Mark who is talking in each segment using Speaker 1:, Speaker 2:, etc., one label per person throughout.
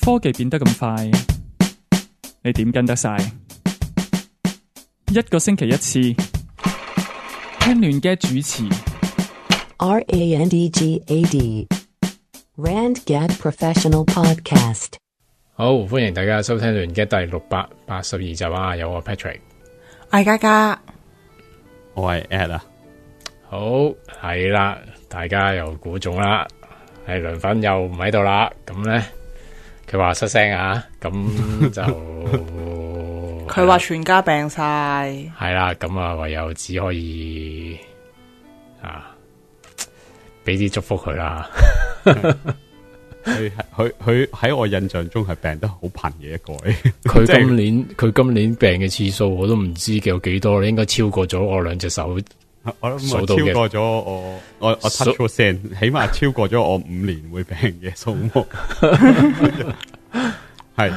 Speaker 1: 科技變得咁快，你點跟得晒？一個星期一次聽亂 gad 主持，R A N D G A D Randgad Professional Podcast。
Speaker 2: 好，歡迎大家收聽亂 gad 第六百八十二集啊！有我 Patrick，我係嘉嘉，我係 Ed。好係啦，大家又估中啦，係涼粉又唔喺度啦，咁咧。佢話出聲啊，咁就
Speaker 3: 佢話、 啊、全家病晒，
Speaker 2: 係啦、啊，咁啊唯有只可以
Speaker 1: 啊，俾啲祝福佢啦。佢佢佢喺我印象中係病得好頻嘅一個，佢今
Speaker 2: 年佢 今年病嘅次數我都唔知有幾多，應該超過咗我兩隻手。我諗我超過咗
Speaker 1: 我我我 touch 咗線，起碼超過咗我五年會平嘅數目。係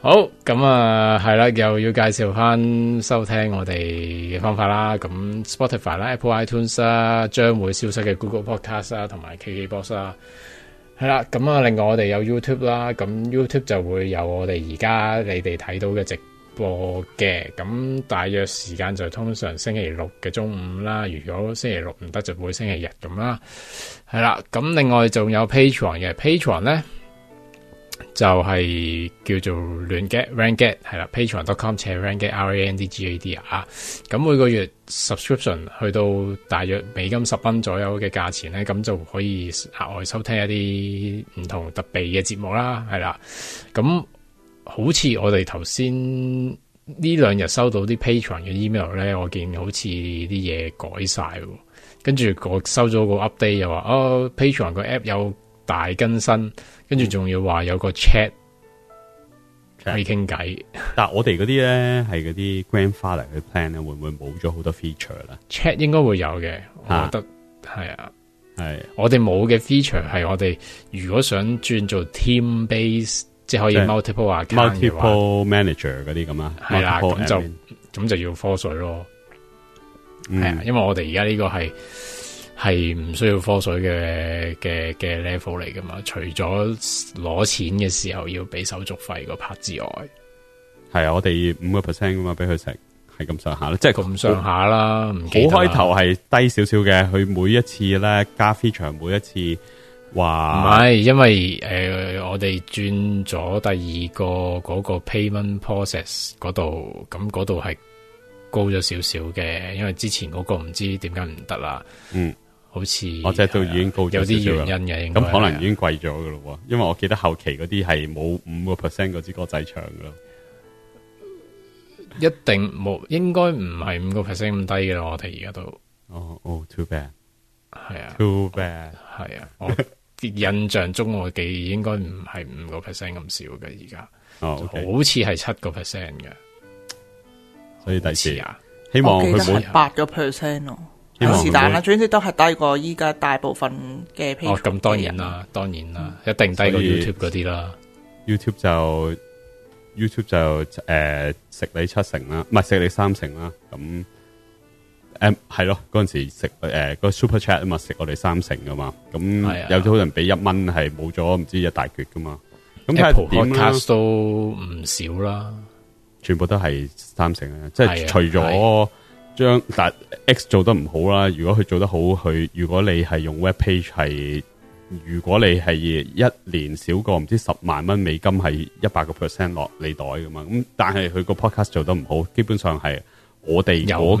Speaker 1: 好咁啊，係啦，又要
Speaker 2: 介紹翻收聽我哋嘅方法啦。咁 Spotify 啦，Apple iTunes 啦，將會消失嘅 Google Podcast 啊，同埋 KKBox 啦。係啦，咁啊，另外我哋有 YouTube 啦，咁 YouTube 就會有我哋而家你哋睇到嘅直。嘅咁，大約時間就通常星期六嘅中午啦。如果星期六唔得，就每星期日咁啦。係啦，咁另外仲有 Patreon 嘅 Patreon 咧，就係、是、叫做亂 gad，rand gad 係啦。patreon.com 斜亂 gad R A N D G A D 啊。咁每個月 subscription 去到大約美金十蚊左右嘅價錢咧，咁就可以額外收聽一啲唔同特別嘅節目啦。係啦，咁。好似我哋頭先呢兩日收到啲 Patreon 嘅 email 咧，我見好似啲嘢改晒，跟住我收咗個 update 又話哦，Patreon 個 app 有大更新，跟
Speaker 1: 住仲要話有個 chat、嗯、可以傾偈。但係我哋嗰啲咧係嗰啲 grandfather 嘅 plan 咧，會唔會冇咗好多 feature 啦？Chat 應該會有嘅，我覺
Speaker 2: 得係啊，係、啊。我哋冇嘅 feature 係我哋如果想轉做 team based。即係可以 multiple 啊，就是，multiple manager 嗰啲咁啊，係啦，咁就咁就要科水咯。係、嗯、啊，因為我哋而家呢個係係唔需要科水嘅嘅嘅 level 嚟噶嘛。除咗攞錢嘅時候要俾手續費個 part 之外，
Speaker 1: 係啊，我哋五個 percent 噶嘛，俾佢食係咁上下咯，即係咁上下啦。好開頭係低少少嘅，佢每一次咧加飛場，每一次。哇，唔係，因為
Speaker 2: 誒、呃，我哋轉咗第二個嗰個 payment process 嗰度，咁嗰度係高咗少少嘅，因為之前嗰個唔知點解唔得啦。
Speaker 1: 嗯，好似我即係都已經高咗少少有啲原因嘅，咁可能已經貴咗噶咯。因為我記得後期嗰啲係冇五個 percent 嗰支歌仔唱噶咯。一
Speaker 2: 定冇，應該唔係五個 percent 咁低嘅。我哋而家都，哦、oh, 哦、oh,，too bad，係啊，too bad，係、哦、啊。 印象中我記應該唔係五個 percent 咁少嘅，而家哦，oh, okay. 好似係七個 percent 嘅，所以第時啊，希望佢冇
Speaker 3: 八個 percent 咯，是但、啊、啦、哦，總之都係低過依家大部分嘅平台。咁、哦、當然啦，當然啦、嗯，
Speaker 1: 一定低過
Speaker 2: YouTube 嗰啲啦。
Speaker 1: YouTube 就 YouTube 就誒、呃、食你七成啦，唔係食你三成啦，咁。誒、嗯，係咯，嗰陣時食誒、呃那個 super chat 啊嘛，食我哋三成噶嘛，咁有啲人俾一蚊係冇咗唔知一大橛噶嘛，咁但係 podcast
Speaker 2: 都唔少啦，
Speaker 1: 全部都係三成嘅，即、就、係、是、除咗將但 x 做得唔好啦，如果佢做得好，佢如果你係用 web page 係，如果你係一年少過唔知十萬蚊美金係一百個 percent 落你袋噶嘛，咁但係佢個 podcast 做得唔好，基本上係我哋、那個、有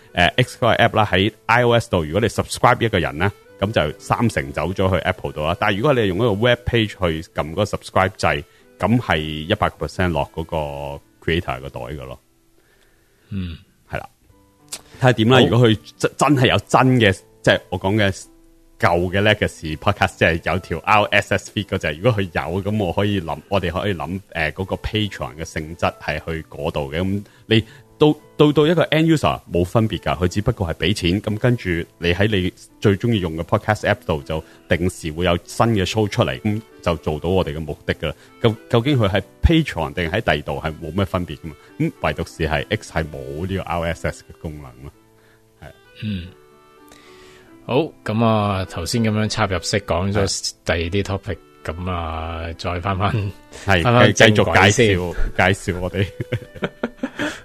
Speaker 1: 誒、呃、，X 嗰個 app 啦，喺 iOS 度，如果你 subscribe 一個人咧，咁就三成走咗去 Apple 度啦。但係如果你用嗰個 web page 去撳嗰個 subscribe 掣，咁係一百個 percent 落嗰個 creator 個袋噶咯。嗯，係啦，睇下點啦。如果佢真真係有真嘅，即、就、係、是、我講嘅舊嘅 legacy podcast，即係有條 RSS feed 嗰、那、隻、個，如果佢有，咁我可以諗，我哋可以諗，誒、呃，嗰、那個 patron 嘅性質係去嗰度嘅。咁你。到到到一個 end user 冇分別噶，佢只不過係俾錢，咁跟住你喺你最中意用嘅 podcast app 度就定時會有新嘅 show 出嚟，咁就做到我哋嘅目的噶啦。究究竟佢係 Patreon 定喺第二度係冇咩分別噶嘛？咁唯獨是係 X 係冇呢個 RSS 嘅功能咯。係，嗯，
Speaker 2: 好，咁啊，頭先咁樣插入式講咗第二啲 topic，咁啊，再翻翻，係翻翻繼續介紹
Speaker 1: 介紹我哋。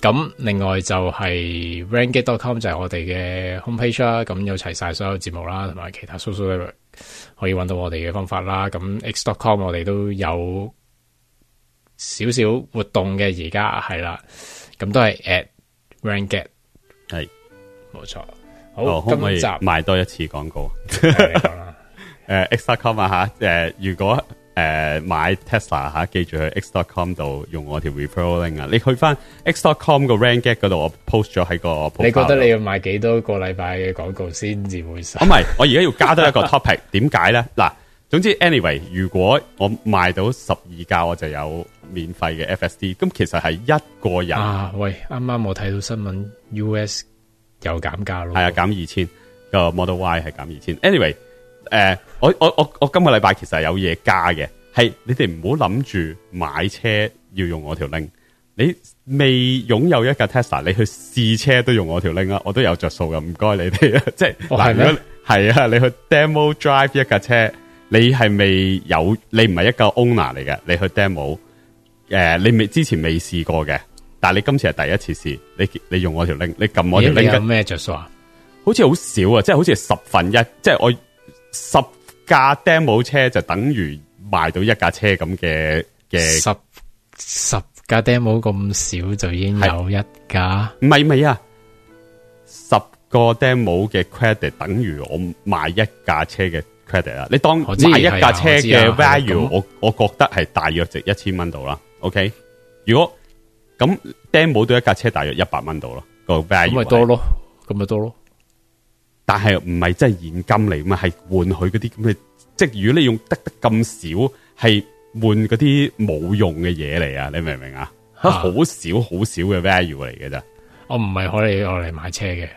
Speaker 2: 咁另外就係 ranget.com 就係我哋嘅 homepage 啦，咁有齊晒所有節目啦，同埋其他 social media 可以揾到我哋嘅方法啦。咁 x.com 我哋都有少少活動嘅，而家係啦，咁都係
Speaker 1: @ranget 係
Speaker 2: 冇錯。好，可唔可以賣
Speaker 1: 多一次廣告？誒、 uh,，x.com 啊吓，誒，如果。誒、呃，買 Tesla 吓，啊，記住去 x.com 度用我條 referral link 啊！你去翻 x.com 個 rank 嗰度，我 post 咗喺個。你覺得你
Speaker 2: 要買幾多個禮拜嘅廣告先至會？唔、oh, 係，
Speaker 1: 我而家要加多一個 topic，點解咧？嗱，總之 anyway，如果我賣到十二架，我就有免費嘅 FSD。咁其實係一個人啊。喂，啱啱我睇到新聞，US 又減價咯，係啊，減二千，個 Model Y 係減二千。anyway。誒、uh,，我我我我今個禮拜其實係有嘢加嘅，係你哋唔好諗住買車要用我條 link。你未擁有一架 Tesla，你去試車都用我條 link 啊，我都有着數㗎。唔該你哋啊。 即係嗱，如果係啊，你去 demo drive 一架車，你係未有，你唔係一個 owner 嚟嘅，你去 demo，誒、uh，你未之前未試過嘅，但係你今次係第一次試，你你用我條 link，你撳我條 link，有咩着數啊？就是、好似好少啊，即係好似十分一，即、就、係、是、我。十架 demo 車就等於賣到一架車咁嘅嘅，十十架 demo 咁少就已經有一架，唔係唔係啊，十個 demo 嘅 credit 等於我賣一架車嘅 credit 啦。你當買一架車嘅 value，我、啊我, value 啊啊啊、value 我,我覺得係大約值一千蚊度啦。OK，如果咁 demo 都一架車大約一百蚊度咯，那個 value 咪多咯，咁咪、啊、多咯。但係唔係真係現金嚟嘛？係換佢嗰啲咁嘅，即係如果你用得得咁少，係換嗰啲冇用嘅嘢嚟啊！你明唔明啊？好少好少嘅 value 嚟嘅咋？我唔
Speaker 2: 係可以攞嚟買車嘅，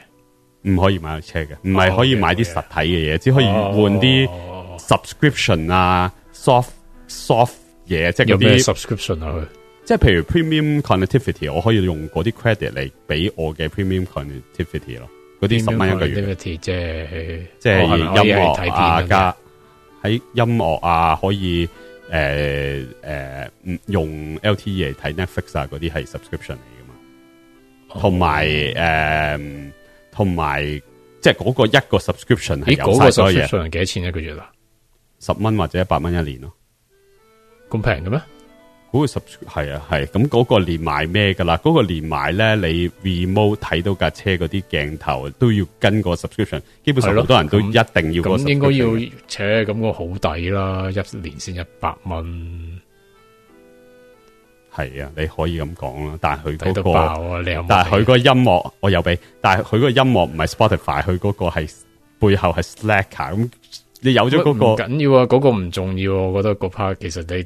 Speaker 1: 唔可以買車嘅，唔係可以買啲實體嘅嘢，啊、okay, okay. 只可以換啲 subscription 啊 oh, oh, oh, oh, oh.，soft soft 嘢，即係有啲 subscription 啊。即係譬如 premium connectivity，我可以用嗰啲 credit 嚟俾我嘅 premium connectivity 咯。嗰啲十蚊一個
Speaker 2: 月，即係即係音樂睇大家
Speaker 1: 喺音樂啊可以誒誒，用 LTE 嚟睇 Netflix 啊嗰啲係 subscription 嚟噶嘛，同埋誒同埋即係嗰個一個 subscription 係有晒多嘢，幾多錢一個月啦？十蚊或者一百蚊一年咯，咁平嘅咩？嗰個係啊係，咁嗰、啊啊、個連埋咩噶啦？嗰、嗰個連埋咧，你 remote 睇到架車嗰啲鏡頭都要跟個 subscription，基本上好多人都一定要個 subscription。咁應
Speaker 2: 該要，扯，咁、嗰個好抵啦，一年先一百蚊。
Speaker 1: 係啊，你可以咁講啦，但係佢嗰個，爆你有冇但係佢嗰個音樂我有俾，但係佢嗰個音樂唔係 Spotify，佢嗰個係背後係 Slacker。咁你有咗嗰、嗰個，唔緊、
Speaker 2: 啊那個、要啊，嗰個唔重要。我覺得嗰 part 其實你。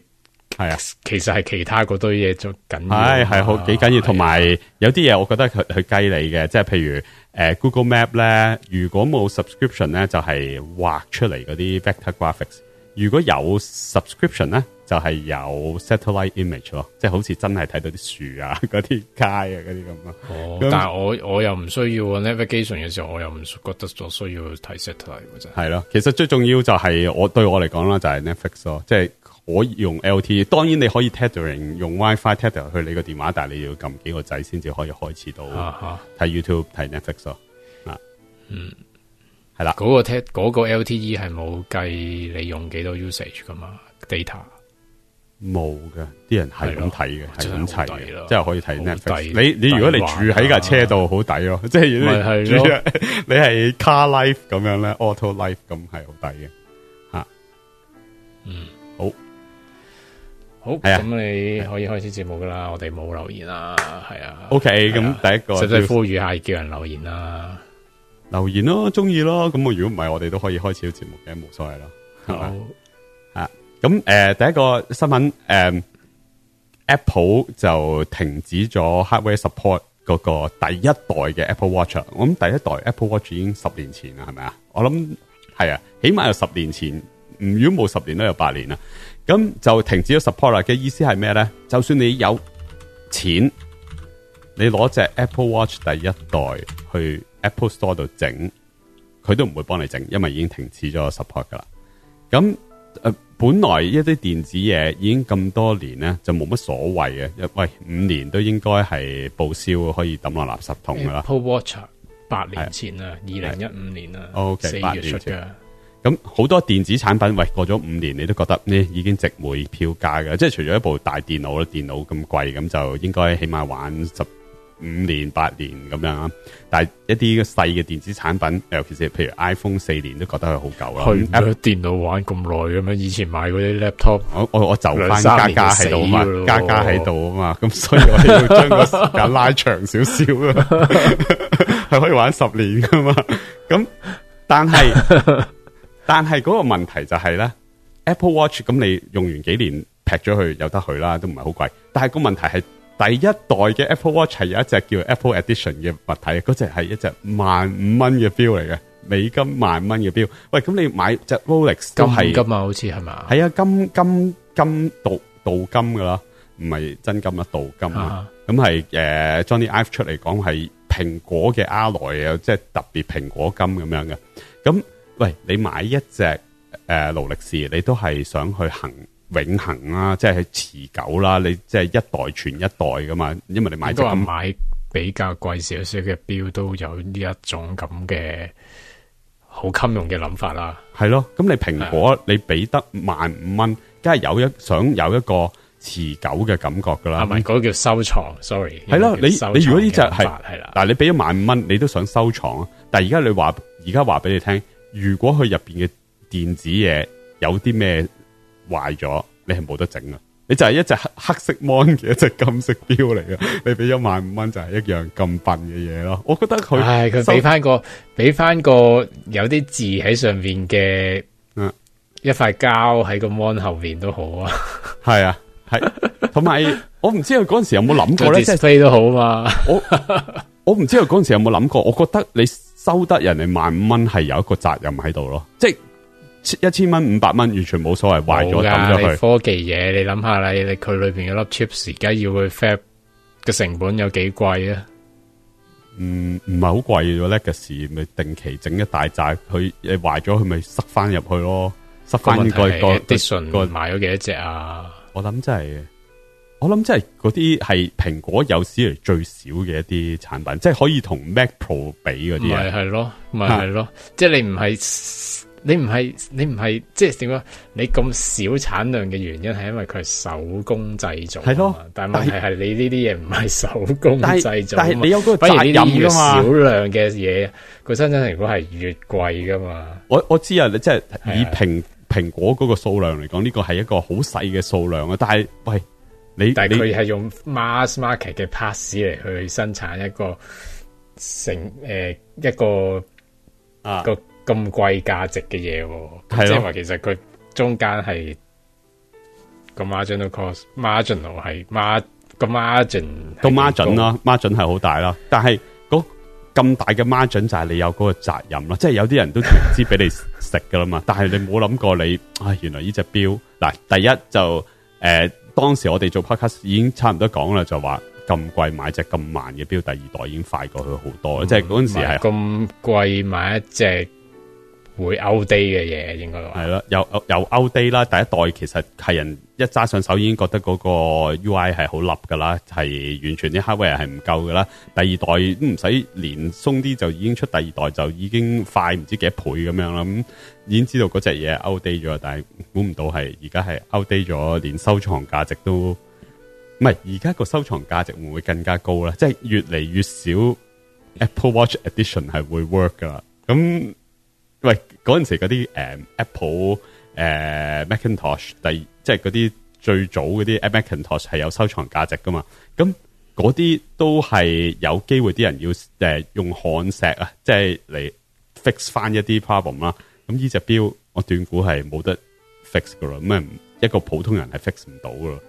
Speaker 2: 係啊，其
Speaker 1: 實係其他嗰堆嘢就緊要係係好幾緊要，同埋、啊、有啲嘢我覺得佢佢計你嘅，即係譬如誒、呃、Google Map 咧，如果冇 subscription 咧，就係、是、畫出嚟嗰啲 vector graphics；如果有 subscription 咧，就係、是、有 satellite image 咯，即係好似真係睇到啲樹啊、嗰啲街啊、嗰啲咁咯。但係我
Speaker 2: 我又唔需要 navigation 嘅時候，我又唔覺得咗需要睇 satellite。
Speaker 1: 係咯，其實最重要就係我對我嚟講啦，就係 Netflix 咯，即係。我用 LTE，當然你可以 tethering 用 WiFi tether 去你個電話，但係你要撳幾個掣先至可以開始到睇、啊啊、YouTube 睇 Netflix 啊。嗯，係啦，嗰、那個 t 嗰個 LTE
Speaker 2: 係冇計你用幾多 usage 噶嘛？data
Speaker 1: 冇噶，啲人係咁睇嘅，係咁齊嘅，即係、啊、可以睇 Netflix。你你，你如果你住喺架車度好抵咯，即係如果你、就是、 你係 car life 咁樣咧，auto life 咁係好抵嘅吓，嗯。
Speaker 2: 好，咁、啊、你可以開始節目噶啦、啊，我哋冇留言啦，係啊。O K，咁第一個，即係呼籲下
Speaker 1: 叫人留言啦、啊，留言、啊、咯，中意咯。咁我如果唔係，我哋都可以開始啲節目嘅，冇所謂咯。好，啊，咁誒、呃，第一個新聞，誒、呃、Apple 就停止咗 Hardware Support 嗰個第一代嘅 Apple Watch。我諗第一代 Apple Watch 已經十年前啦，係咪啊？我諗係啊，起碼有十年前，如果冇十年都有八年啦。咁就停止咗 support 啦，嘅意思係咩咧？就算你有錢，你攞隻 Apple Watch 第一代去 Apple Store 度整，佢都唔會幫你整，因為已經停止咗 support 噶啦。咁誒、呃，本來一啲電子嘢已經咁多年咧，就冇乜所謂嘅。喂，五年都應該係報銷，可以抌落垃圾桶噶啦。Apple Watch 八年前啊，二零一五年啊，四、okay，月出嘅。咁好多電子產品，喂，過咗五年你都覺得咧、欸、已經值回票價嘅，即係除咗一部大電腦咧，電腦咁貴，咁就應該起碼玩十五年八年咁樣。但係一啲嘅細嘅電子產品，尤其是譬如 iPhone 四年都覺得係好舊啊。去電腦玩咁耐咁樣，以前
Speaker 2: 買嗰啲 Laptop，我我
Speaker 1: 我就翻加家喺度嘛，加家喺度啊嘛，咁所以我要將個時間拉長少少啊，係 可以玩十年噶嘛。咁但係。 但係嗰個問題就係咧，Apple Watch 咁你用完幾年劈咗去又得去啦，都唔係好貴。但係個問題係第一代嘅 Apple Watch 係有一隻叫 Apple Edition 嘅物體，嗰隻係一隻萬五蚊嘅表嚟嘅，美金萬蚊嘅表。喂，咁你買隻 Rolex 都係金，金啊？好似係嘛？係啊，金金金鍍鍍金噶啦，唔係真金，度金的啊，鍍金啊。咁係誒，Johnny Ive 出嚟講係蘋果嘅 alloy 啊，即係特別蘋果金咁樣嘅，咁。喂，你買一隻誒勞力士，你都係想去行永恆啦，即係持久啦，你即係一代傳一代噶嘛？因為你買隻買
Speaker 2: 比較貴少少嘅表，都有呢一種咁嘅好襟用嘅諗法啦。
Speaker 1: 係咯，咁你蘋果你俾得萬五蚊，梗係有一想有一個持久嘅感覺噶啦。係咪嗰個
Speaker 2: 叫收藏？Sorry，係咯，你你如果呢隻係係
Speaker 1: 啦，嗱你俾咗萬五蚊，你都想收藏啊？但係而家你話而家話俾你聽。如果佢入邊嘅電子嘢，有啲咩壞咗，你係冇得整啊！你就係一隻黑黑色 mon 嘅一隻金色錶嚟嘅，你俾咗萬五蚊就係一樣咁笨嘅嘢
Speaker 2: 咯。我覺得佢，係佢俾翻個俾翻個有啲字喺上面嘅，嗯，一塊膠喺個 mon 後面都好
Speaker 1: 啊。係啊，係同埋我唔知佢嗰陣時有冇諗過咧，即係飛都好嘛。我我唔知佢嗰陣時有冇諗過，我覺得你。收得人哋萬五蚊係有一個責任喺度咯，即係一千蚊五百蚊完全冇所謂壞咗抌出去。科
Speaker 2: 技嘢你諗下你佢裏
Speaker 1: 邊一粒 chips 而家要去 fab 嘅成本有幾貴啊？唔唔係好貴咗咧？件事咪定期整一大紮，佢誒壞咗佢咪塞翻入去咯，塞翻、那個個啲純個買咗幾多隻啊？我諗真係。我諗即係嗰啲係蘋果有史嚟最少嘅一啲產品，即係可以同 Mac Pro 比嗰啲嘢。係咯，咪係咯，即係你唔係你唔係
Speaker 2: 你唔係，即係點講？你咁少產量嘅原因係因為佢係手工製造。係咯，但係問題係你呢啲嘢唔係手工製造。但係你有個責任噶嘛？少量嘅嘢，個新產果係越貴噶嘛？
Speaker 1: 我我知啊，你即係以蘋蘋果嗰個數量嚟講，呢個係一個好細嘅數量啊。但係喂。你，你但係佢係用
Speaker 2: mass market 嘅 pass 嚟去生產一個成誒、呃、一個，一個啊個咁貴價值嘅嘢、哦，即係話其實佢中間係個 margin，of course，margin 係
Speaker 1: margin mar, 個 margin 咯，margin 係、啊、好大啦。但係咁大嘅 margin 就係你有嗰個責任啦，即、就、係、是、有啲人都唔知俾你食噶啦嘛。 但係你冇諗過你啊、哎，原來呢隻表嗱，第一就誒。呃當時我哋做 podcast 已經差唔多講啦，就話咁貴買一隻咁慢嘅表，第二代已經快過去好多，即係嗰陣時係咁貴買一隻。會 outdate 嘅嘢，應該係咯，又又 outdate 啦。第一代其實係人一揸上手已經覺得嗰個 U I 係好笠噶啦，係完全啲 hardware 係唔夠噶啦。第二代都唔使連鬆啲就已經出第二代就已經快唔知幾多倍咁樣啦。咁、嗯、已經知道嗰隻嘢 outdate 咗，但係估唔到係而家係 outdate 咗，連收藏價值都唔係，而家個收藏價值會唔會更加高啦，即係、就是、越嚟越少 Apple Watch Edition 係會 work 噶咁。嗯喂，嗰陣時嗰啲誒 Apple 誒、嗯、Macintosh 第，即係嗰啲最早嗰啲 Apple Macintosh 係有收藏價值噶嘛？咁嗰啲都係有機會啲人要誒、嗯、用焊錫啊，即係嚟 fix 翻一啲 problem 啦。咁呢隻表我斷估係冇得 fix 噶啦，咩一個普通人係 fix 唔到噶啦。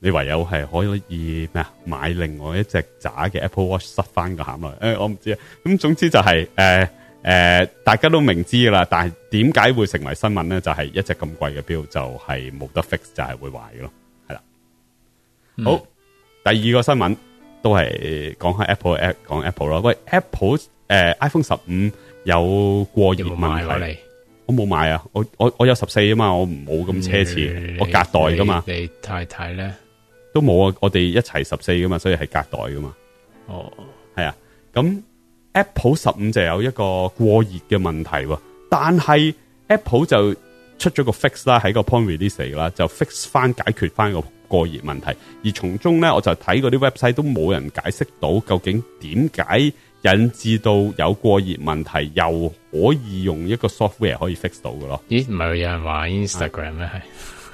Speaker 1: 你唯有係可以咩啊？買另外一隻渣嘅 Apple Watch 塞翻個盒落，誒、欸，我唔知啊。咁總之就係誒誒，大家都明知噶啦。但係點解會成為新聞咧？就係、是、一隻咁貴嘅表就係冇得 fix，就係會壞嘅咯。係啦、嗯，好第二個新聞都係講開 Apple，講 Apple 咯。喂，Apple 誒、呃、iPhone 十五有過熱問題。有有啊、我冇買啊，我我我有十四啊嘛，我唔冇咁奢侈、嗯，我隔代噶嘛你你。
Speaker 2: 你太太咧？
Speaker 1: 都冇啊！我哋一齊十四噶嘛，所以係隔代噶嘛。哦，係啊。咁 Apple 十五就有一個過熱嘅問題，但係 Apple 就出咗個 fix 啦，喺個 point release 啦，就 fix 翻，解決翻個過熱問題。而從中咧，我就睇嗰啲 website 都冇人解釋到究竟點解引致到有過熱問題，又可以用一個 software 可以 fix 到㗎咯？咦，唔係有人話 Instagram 咩係？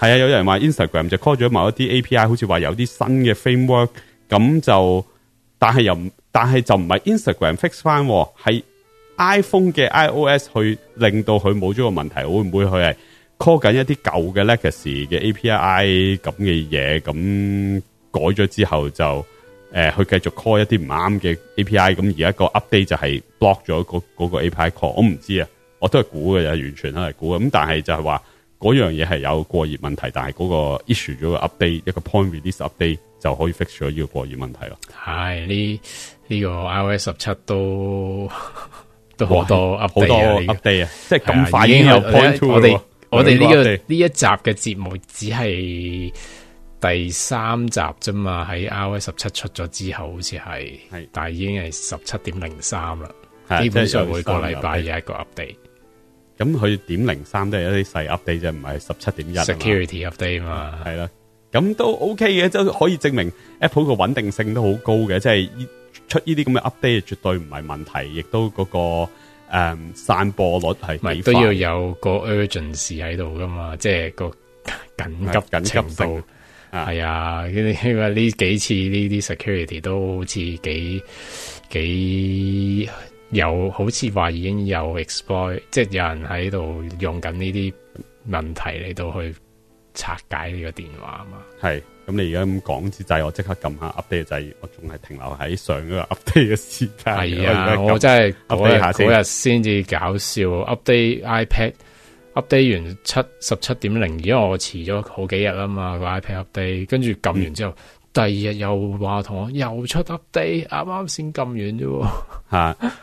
Speaker 1: 係啊，有人話 Instagram 就 call 咗某一啲 API，好似話有啲新嘅 framework，咁就，但係又，但係就唔係 Instagram fix 翻，係 iPhone 嘅 iOS 去令到佢冇咗個問題，會唔會佢係 call 緊一啲舊嘅 legacy 嘅 API 咁嘅嘢，咁改咗之後就，誒、呃，去繼續 call 一啲唔啱嘅 API，咁而家個 update 就係 block 咗個嗰個 API call，我唔知啊，我都係估嘅，完全都係估嘅，咁但係就係話。嗰樣嘢係有過熱問題，但係嗰個 issue 咗個 update 一個 point release update 就可以 fix 咗呢個過熱問題咯。係呢
Speaker 2: 呢個 iOS 十七都都好多 update，update 啊 update、這個！即係咁快已經有 point two 我哋我哋呢個呢一集嘅節目只係第三集啫嘛，喺 iOS 十七出咗之後好，好似係係，但係已經係十七點零三啦。基本上每個禮拜有一個 update。
Speaker 1: 咁佢點零三都係一啲細 update 啫，唔係十七點一。security update 嘛，係啦，咁都 OK 嘅，即係可以證明 Apple 個穩定性都好高嘅，即係出呢啲咁嘅 update 絕對唔係問題，亦都嗰個誒散播率係咪都要有個 urgency 喺度噶嘛，即係個緊急程度
Speaker 2: 係啊，因為呢幾次呢啲 security 都好似幾幾。有好似話已經有 exploit，即係有人喺度用緊呢啲問題嚟到去拆解呢個電話
Speaker 1: 啊？係，咁你而家咁講之際，我即刻撳下 update 掣，我仲係停留喺上個個 update 嘅時間。係啊，我，按我真係 update 下先，先至搞笑。
Speaker 2: update iPad，update 完七十七點零，因為我遲咗好幾日啦嘛，個 iPad update，跟住撳、嗯、完之後，第二日又話同我又出 update，啱啱先撳完啫喎。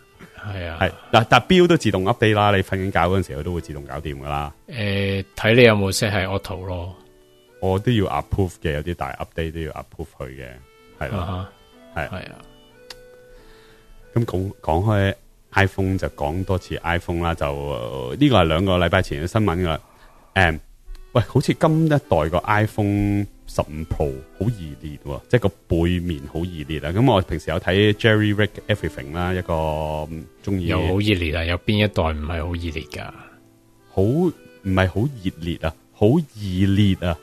Speaker 1: 係啊，係嗱達標都自動 update 啦，你瞓緊覺嗰陣時，佢都會自動搞掂噶啦。誒、呃，睇你有冇 set 咗 auto 咯，我都要 approve 嘅，有啲大 update 都要 approve 佢嘅，係啦，係、uh-huh, 係啊。咁講講開 iPhone 就講多次 iPhone 啦，就呢個係兩個禮拜前嘅新聞噶啦。誒、嗯，喂，好似今一代個 iPhone。十五 Pro 好易裂，即係個背面好易裂啊！咁我平時有睇 Jerry Rick Everything 啦，一個鍾意又好熱烈啊！有邊一代唔係
Speaker 2: 好熱烈噶？
Speaker 1: 好唔係好熱烈啊？好易裂啊？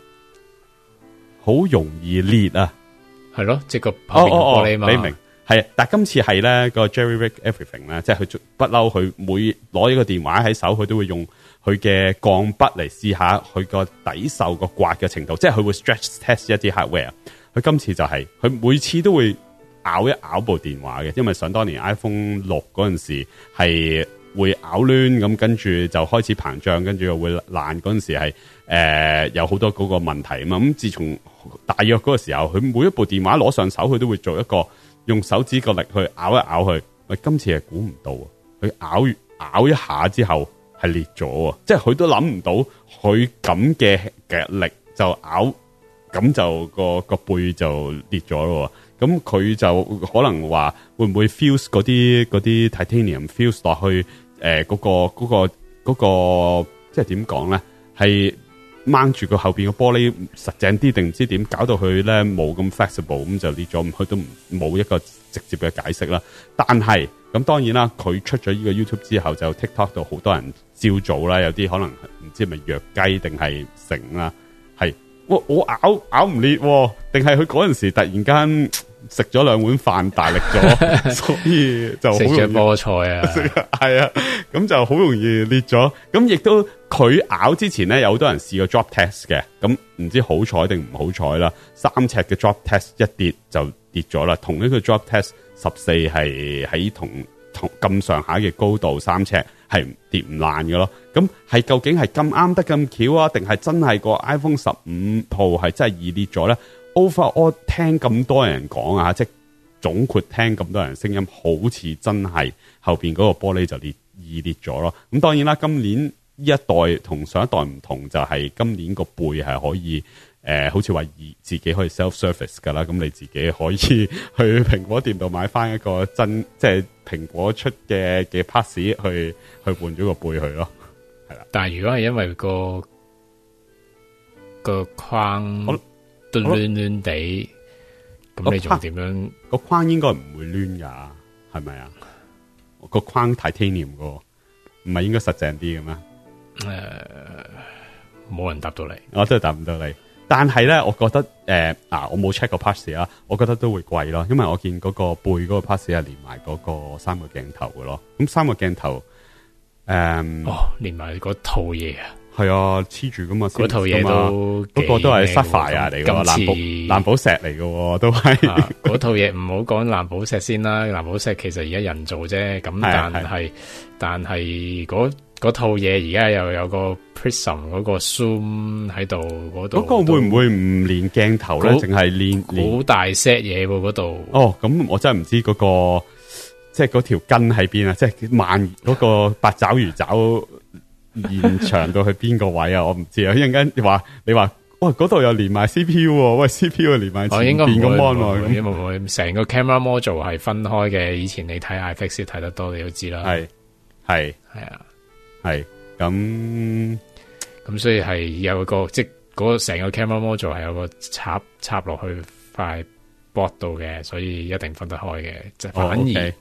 Speaker 1: 好容易裂啊？係咯，即係個哦哦哦，你明係啊？但係今次係咧個 Jerry Rick Everything 咧，即係佢不嬲，佢每攞一個電話喺手，佢都會用。佢嘅鋼筆嚟，試下佢個抵受個刮嘅程度，即係佢會 stretch test 一啲 hardware。佢今次就係、是、佢每次都會咬一咬一部電話嘅，因為想當年 iPhone 六嗰陣時係會咬攣咁，跟住就開始膨脹，跟住又會爛嗰陣時係誒、呃、有好多嗰個問題啊嘛。咁自從大約嗰個時候，佢每一部電話攞上手，佢都會做一個用手指個力去咬一咬佢。喂，今次係估唔到佢咬咬一下之後。係裂咗，即係佢都諗唔到，佢咁嘅嘅力就拗，咁就個個背就裂咗咯。咁佢就可能話會唔會 fuse 嗰啲嗰啲 Titanium fuse 落去，誒嗰個嗰個嗰個，即係點講咧？係掹住個後邊個玻璃實淨啲，定唔知點搞到佢咧冇咁 flexible，咁就裂咗，佢都冇一個直接嘅解釋啦，但係咁當然啦，佢出咗呢個 YouTube 之後，就 TikTok 度好多人照做啦，有啲可能唔知係咪弱雞定係成啦，係我我咬咬唔裂，啊，定係佢嗰陣時突然間食咗兩碗飯大力咗， 所以就好容易食咗菠菜啊，係 啊，咁就好容易裂咗。咁亦都佢咬之前咧，有好多人試過 drop test 嘅，咁唔知好彩定唔好彩啦，三尺嘅 drop test 一跌就。跌咗啦，同呢個 drop test 十四係喺同同咁上下嘅高度三尺係跌唔爛嘅咯。咁係究竟係咁啱得咁巧啊？定係真係個 iPhone 十五套係真係易裂咗咧？Overall 聽咁多人講啊，即係總括聽咁多人聲音，好似真係後邊嗰個玻璃就裂易裂咗咯。咁當然啦，今年呢一代同上一代唔同，就係、是、今年個背係可以。誒、呃，好似話自自己可以 self service 噶啦，咁你自己可以去蘋果店度買翻一個真，即係蘋果出嘅嘅 parts 去去換咗個背去咯，係啦。但係如果係因為個個框都攣攣哋，咁你仲點樣？個框，框應該唔會攣噶，係咪啊？個框太天然噶，唔係應該實淨啲嘅咩？誒、呃，冇人答到你，我都係答唔到你。但係呢，我覺得誒、呃啊、我冇 check 個 parts 啊，我覺得都會貴囉！因為我見嗰個背嗰個 parts 係連埋嗰個三個鏡頭嘅囉！咁三個鏡頭誒、嗯哦，連埋嗰套嘢係啊，黐、啊、住㗎嘛，嗰套嘢都係不過、那個、都係 sapphire 嚟㗎啦，藍寶石嚟嘅，都係
Speaker 2: 嗰、啊、 套嘢唔好講藍寶石先啦，藍寶石其實做而家人造啫，咁但係、啊、但係嗰。嗰套嘢而家又有個 prism 嗰個 zoom 喺度嗰度，嗰、
Speaker 1: 那個會唔會唔連鏡頭咧？淨係連好大
Speaker 2: set 嘢嗰度。
Speaker 1: 哦，咁我真係唔知嗰、那個即係嗰條筋喺邊啊！即、就、係、是就是、慢嗰、那個八爪魚爪延長到去邊個位啊？ 我唔知、哦、CPU，啊！一陣間話你話，哇，嗰度又連埋 CPU，喂 CPU 連埋應該連個 mon，咁樣
Speaker 2: 咪成個 camera module 係分開嘅。 以前你睇 iFixit 睇得多，你都知啦。係係係啊！係咁咁，所以係有個即嗰個成個 camera module 係有個插插落去塊 board 度嘅，所以一定分得開嘅。即、哦、係反而鏡、哦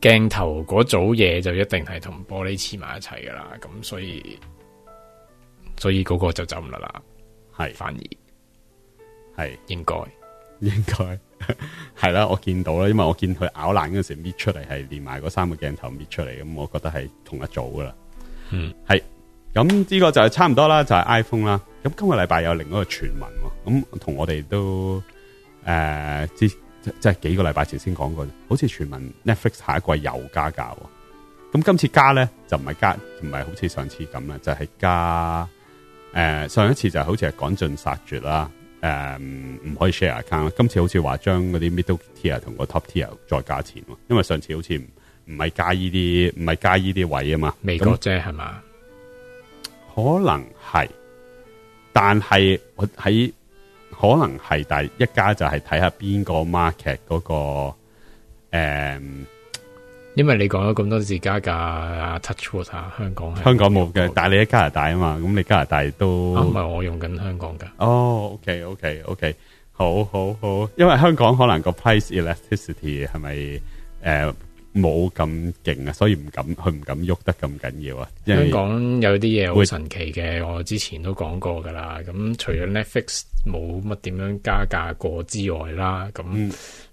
Speaker 2: okay、頭嗰組嘢就一定係同玻璃黐埋一齊噶啦。咁所以
Speaker 1: 所以嗰個就走唔甩啦。係反而係應該應該。係 啦，我見到啦，因為我見佢咬爛嗰時搣出嚟，係連埋嗰三個鏡頭搣出嚟，咁我覺得係同一組噶啦。嗯，係咁呢個就係差唔多啦，就係、是、iPhone 啦。咁今個禮拜有另一個傳聞，咁同我哋都誒之即係幾個禮拜前先講過，好似傳聞 Netflix 下一季又加價，咁今次加咧就唔係加，唔係好似上次咁啦，就係、是、加誒、呃、上一次就好似係趕盡殺絕啦。誒，唔可以 share account。今次好似話將嗰啲 middle tier 同個 top tier 再加錢，因為上次好似唔唔係加呢啲，唔係加呢啲位啊嘛，美國啫係嘛，可能係，但係我喺可能係，但係一家就係睇下邊個 market 嗰個誒。Um, 因為你講咗咁多次加價，Touchwood 啊，香港係香港冇嘅，但你喺加拿大啊嘛，咁你加拿大都啱咪、啊？我用緊香港噶哦，OK OK OK，好好好，因為香港可能個 price elasticity 係咪誒冇咁、呃、勁啊，所以唔敢佢唔敢喐得咁緊要啊。香港
Speaker 2: 有啲嘢好神奇嘅，我之前都講過噶啦。咁除咗 Netflix 冇乜點樣加價過之外啦，咁。嗯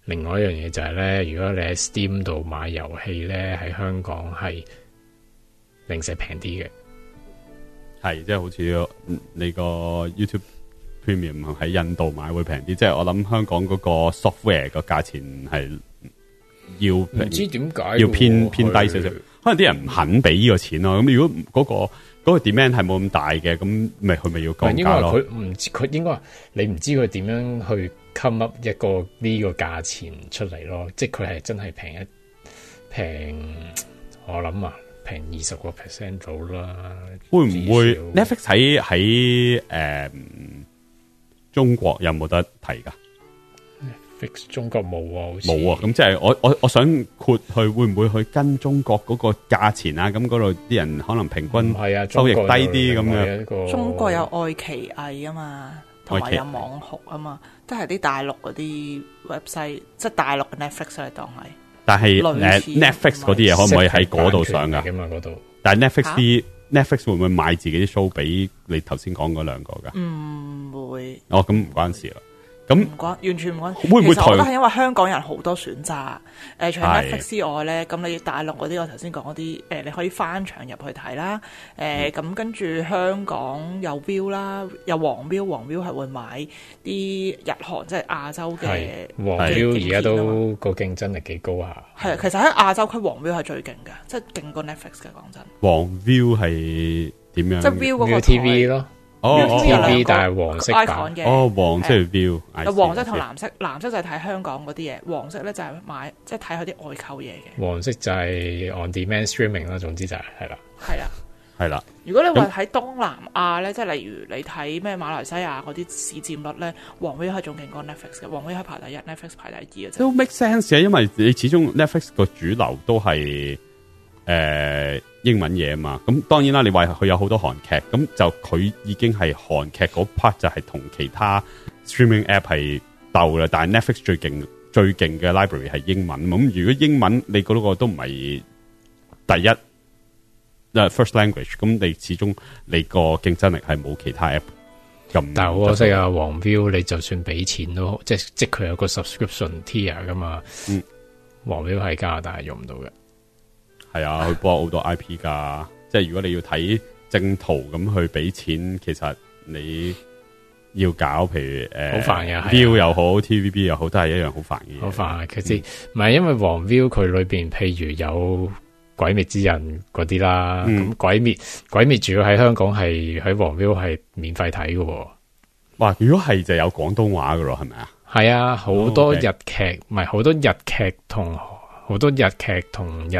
Speaker 2: 另外一樣嘢就係、是、咧，如果你喺 Steam 度買遊戲咧，喺香港係零食平啲嘅，
Speaker 1: 係即係好似、這個、你個 YouTube Premium 喺印度買會平啲，即係我諗香港嗰個 software 個價錢係要唔知點解要偏偏低少少，可能啲人唔肯俾呢個錢咯。咁如果嗰、那個嗰、那個 demand 係冇咁大嘅，咁咪佢咪要降價咯。佢
Speaker 2: 唔佢應該話你唔知佢點樣去 come up 一個呢個價錢出嚟咯，即係佢係真係平一平，我諗啊，平二十個 percent 度啦。
Speaker 1: 會唔會 Netflix 喺喺誒中國有冇得睇噶？
Speaker 2: 中國冇啊，好似
Speaker 1: 冇啊，咁即係我我我想括去會唔會去跟中國嗰個價錢啊？咁嗰度啲人可能平均收益低啲咁樣。中國
Speaker 3: 有愛奇藝啊嘛，同埋有,有網紅啊嘛，都係啲大陸嗰啲 website，即係大陸嘅 Netflix 你當係。但係誒 Netflix 嗰啲嘢可唔可以喺嗰度上噶？咁啊，嗰度。但係 Netflix 啲
Speaker 1: Netflix 會唔會買自己啲 show 俾你頭先講嗰兩個噶？唔、嗯、
Speaker 3: 會。
Speaker 1: 哦、oh,，咁唔關事啦。咁
Speaker 3: 唔關，完全唔關。其實我覺得係因為香港人好多選擇，誒，除咗 Netflix 之外咧，咁你大陸嗰啲，我頭先講嗰啲，誒，你可以翻牆入去睇啦。誒，咁跟住香港有 View 啦，有黃 View，黃 View 係會買啲日韓，即係亞洲嘅。黃 View 而家都
Speaker 2: 個競爭力幾高啊！
Speaker 3: 係啊，其實喺亞洲區，黃 View 係最勁嘅，即係勁過 Netflix 嘅，講真。
Speaker 1: 黃 View 係點樣？即係 View 嗰個 TV 咯。
Speaker 3: 哦、oh,
Speaker 2: 哦，TV, 但係黃色
Speaker 3: 版，哦、oh, 黃色、嗯、view 黃色同藍色，藍色就係睇香港嗰啲嘢，黃色咧就係買，即係睇佢啲外購嘢嘅。
Speaker 2: 黃色就係、就是、on-demand streaming 啦，總之就係係啦。係啦，係啦。如果你話
Speaker 3: 喺東南亞咧、嗯，即係例如你睇咩馬來西亞嗰啲市佔率咧，黃威係仲勁過 Netflix 嘅，黃威係排第一，Netflix 排第二嘅。
Speaker 1: 都 make sense 啊，因為你始終 Netflix 個主流都係。誒，英文嘢，啊嘛，咁當然啦。你話佢有好多韓劇，咁就佢已經係韓劇嗰 part 就係同其他 streaming app 係鬥啦。但係 Netflix 最勁最勁嘅 library 係英文。咁如果英文你嗰個都唔係第一，誒，first language，咁你始終你個競爭力係冇其他 app 咁。但係好可惜啊，
Speaker 2: 黃標你就算俾錢都即係即佢有個 subscription tier 噶嘛。嗯，黃標係加拿大係用唔到嘅。
Speaker 1: 係啊，佢播好多 I P 噶。 即係如果你要睇正圖咁去俾錢，其實你要搞，譬如誒，好煩啊、好煩嘅。v i e w 又好，T V B 又好，
Speaker 2: 都係一樣好煩嘅。好煩，其實唔係因為黃 v i e w 佢裏邊譬如有鬼滅之刃嗰啲啦。咁、嗯、鬼滅鬼滅主要喺香港係喺黃 v i e w 係免費睇喎。哇，如果係就有廣東話㗎咯，係咪 啊？係啊，好多日劇唔係好多日劇同好多日劇同日。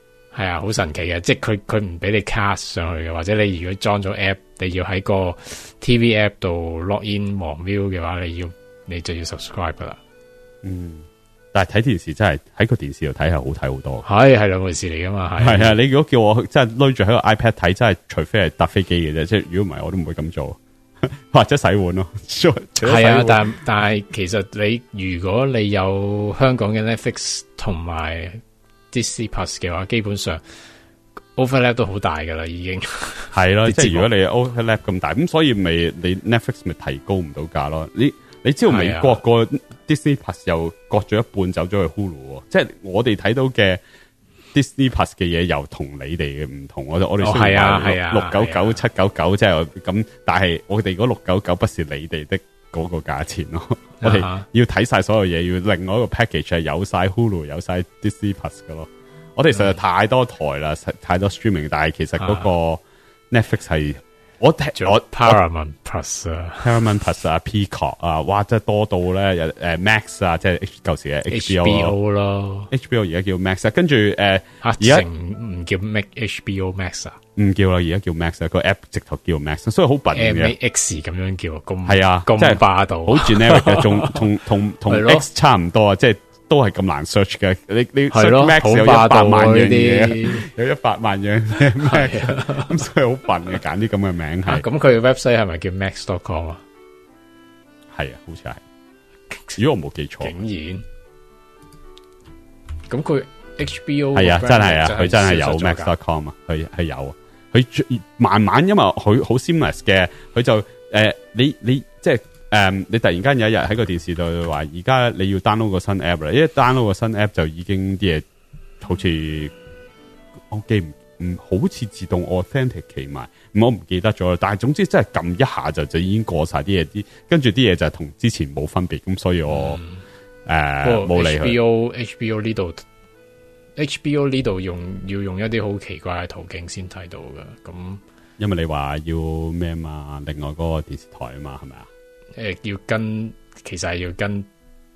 Speaker 2: 係啊，好神奇嘅，即係佢佢唔俾你 cast 上去嘅，或者你如果裝咗 app，你要喺個 TV app 度 login 望 view 嘅話，你要你就要 subscribe 啦。嗯，
Speaker 1: 但係睇電視真係喺個電視度睇係好睇好多，係係兩回事嚟噶嘛，係啊。你如果叫我真係攞住喺個 iPad 睇，真係除非係搭飛機嘅啫，即係如果唔係，我都唔會咁做，或者洗碗咯。係啊， 但
Speaker 2: 但係其實你如果你有香港嘅 Netflix 同埋。Disney Plus 嘅話，基本上 overlap 都好大噶啦，已經係咯。 即係如果你
Speaker 1: overlap 咁大，咁所以咪你 Netflix 咪提高唔到價咯。你你知道美國個 Disney Plus 又割咗一半走咗去 Hulu，即係我哋睇到嘅 Disney Plus 嘅嘢又同你哋嘅唔同。我我哋出賣六九九七九九，啊啊啊啊、即係咁。但係我哋嗰六九九不是你哋的。嗰個價錢咯，我哋要睇曬所有嘢，要另外一個 package 係有曬 Hulu，有曬 Disney Plus 嘅咯，我哋實在太多台啦，太太多 streaming，但係其實嗰個 Netflix 係。我睇我 Paramount Plus、Paramount Plus 啊，Peacock 啊，啊，哇！真係多到咧，又誒 Max 啊，即係舊時嘅 HBO 咯，HBO 而家叫 Max，跟住誒，而家唔唔叫 Max HBO Max 啊，唔叫啦，而家叫 Max 啊，個 app 直頭叫 Max，啊、所以好笨嘅
Speaker 2: ，M X 咁樣叫，咁係啊，咁即係霸道，好專一仲同
Speaker 1: 同同同 X 差唔多啊，即係。都係咁難 search 嘅，你你 search max 有一百萬樣嘢，有一百萬樣 max，所以好笨嘅，揀啲咁嘅名。吓，咁佢嘅 website 係咪叫 max.com 啊？係啊，好似係，如果我冇記錯。竟然？
Speaker 2: 咁佢 HBO 係啊，真係啊，佢真係有 max.com
Speaker 1: 啊，佢係有啊，佢慢慢因為佢好 similar 嘅，佢就誒，你你即係。誒、um,，你突然間有一日喺個電視度話，而家你要 download 個新 app 啦，一 download 個新 app 就已經啲嘢好似、嗯、我記唔唔好似自動 authentic 起埋，我唔記得咗啦，但係總之真係撳一下就就已經過晒啲嘢啲，跟住啲嘢就係同之前冇分別。咁所以我誒冇理。嗯呃、
Speaker 2: HBO HBO 呢度，HBO 呢度用要用一啲好奇怪嘅途徑先睇到噶。咁
Speaker 1: 因為你話要咩啊嘛，另外嗰個電視台啊嘛，係咪啊？
Speaker 2: 誒、呃，要跟其實係要跟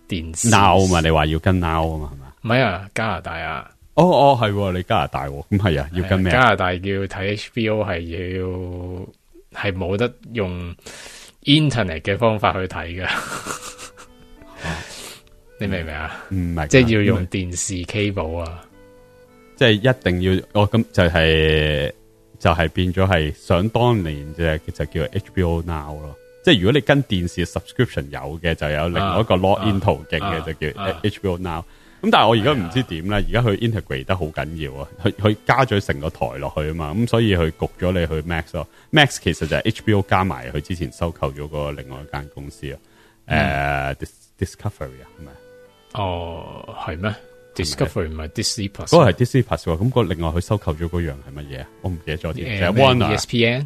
Speaker 2: 電視 Now 啊嘛？Now, 你話
Speaker 1: 要跟 NOW 啊嘛？係嘛？唔係啊，
Speaker 2: 加拿大啊。哦哦，係、啊、你加拿大喎、啊。咁係啊,啊，要跟咩、啊、加拿大要睇 HBO 係要係冇得用 internet 嘅方法去睇噶。 你明唔明啊？唔、嗯、係，即係、就是、要用電視 cable 啊。即、就、
Speaker 1: 係、是、一定要哦。咁就係、是、就係、是、變咗係，想當年嘅就叫 HBO NOW 咯。即係如果你跟電視 subscription 有嘅，就有另外一個 log in 途徑嘅，uh, uh, uh, 就叫 HBO Now uh, uh, uh,。咁但係我而家唔知點咧，而家佢 integrate 得好緊要啊，佢佢加咗成個台落去啊嘛，咁所以佢焗咗你去 Max 咯。Max 其實就係 HBO 加埋佢之前收購咗個另外一間公司啊，誒、uh, uh, Discovery 啊，係、oh, 咪？哦，係咩？Discovery 唔係 Disney Plus？嗰、那個係 Disney Plus 喎，咁個另外佢收購咗嗰樣係乜嘢？我唔記得咗添。One ESPN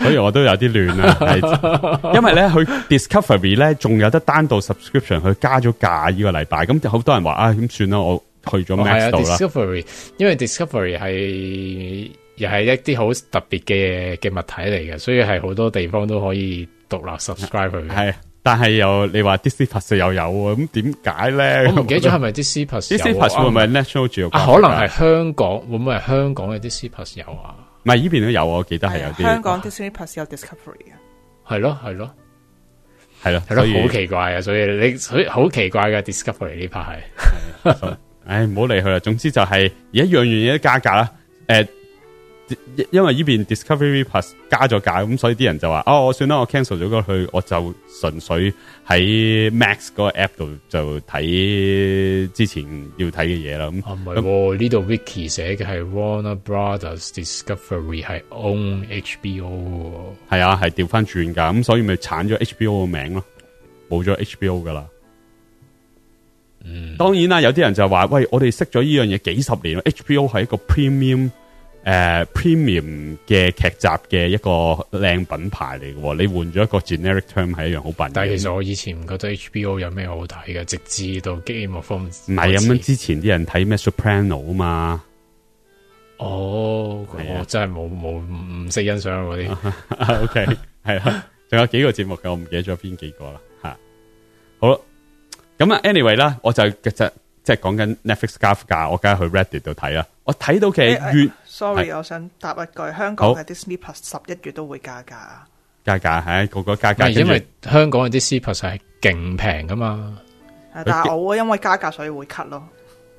Speaker 1: 所以我都有啲亂啊，因為咧佢 Discovery 咧仲有得單獨 subscription，佢加咗價依個禮拜，咁就好多人話啊，咁算啦，我去咗 Max、哦啊、到啦。
Speaker 2: Discovery 因為 Discovery 係又係一啲好特別嘅嘅物體嚟嘅，所以係好多地方都可以獨
Speaker 1: 立 subscribe。係、啊，但係又你話 Disney+ 又有咁，點解咧？我唔記得係咪 Disney+，Disney+ 會唔會 National Geographic 啊？可能係香、啊香啊啊啊、香港，會唔會係香港
Speaker 2: 嘅 Disney+
Speaker 3: 有啊？
Speaker 1: 唔係呢邊都有，我記得係
Speaker 2: 有啲。香
Speaker 3: 港 Disney Plus 有 Discovery 啊，
Speaker 1: 係咯係咯，係咯係咯，好奇
Speaker 2: 怪啊！所以你所以好奇怪嘅 Discovery 呢排，唉，
Speaker 1: 唔好理佢啦。總之就係而一樣樣嘢都加價啦。誒、欸。因為呢邊 Discovery Plus 加咗價，咁所以啲人就話：哦，我算啦，我 cancel 咗個去，我就純粹喺 Max 嗰個 app 度就睇之前要睇嘅嘢啦。咁唔呢度 Vicky 寫嘅係 w a r n e r Brothers Discovery
Speaker 2: 係 on w HBO，
Speaker 1: 係、哦、啊，係調翻轉噶，咁所以咪鏟咗 HBO 個名咯，冇咗 HBO 噶啦。嗯，當然啦，有啲人就話：喂，我哋識咗呢樣嘢幾十年 h b o 係一個 premium。誒、uh,，premium 嘅劇集嘅一個靚品牌嚟嘅，你換咗一個 generic term 係一樣好笨。但係其實我
Speaker 2: 以前唔覺得 HBO 有咩好睇嘅，直至到《Game of Thrones》。
Speaker 1: 唔係咁樣，之前啲人睇咩《Sopranos》啊嘛。
Speaker 2: 哦、oh,
Speaker 1: 啊，那個、我真係冇冇唔識欣賞嗰啲。 OK，係啦、啊，仲有幾個節目嘅， 我唔記得咗邊幾個啦吓、啊。好啦、啊，咁啊，anyway 啦，我就其實即係講緊 Netflix 加價，我梗係去 Reddit 度睇啦。我睇到其佢、哎哎、，sorry，我
Speaker 3: 想答一句，香港嘅 Disney Plus 十一月都會加價，
Speaker 1: 加價係個、啊、個加價是，因為
Speaker 2: 香港嘅 Disney Plus 係勁平噶嘛，
Speaker 3: 但係我因為加價所以會 cut 咯。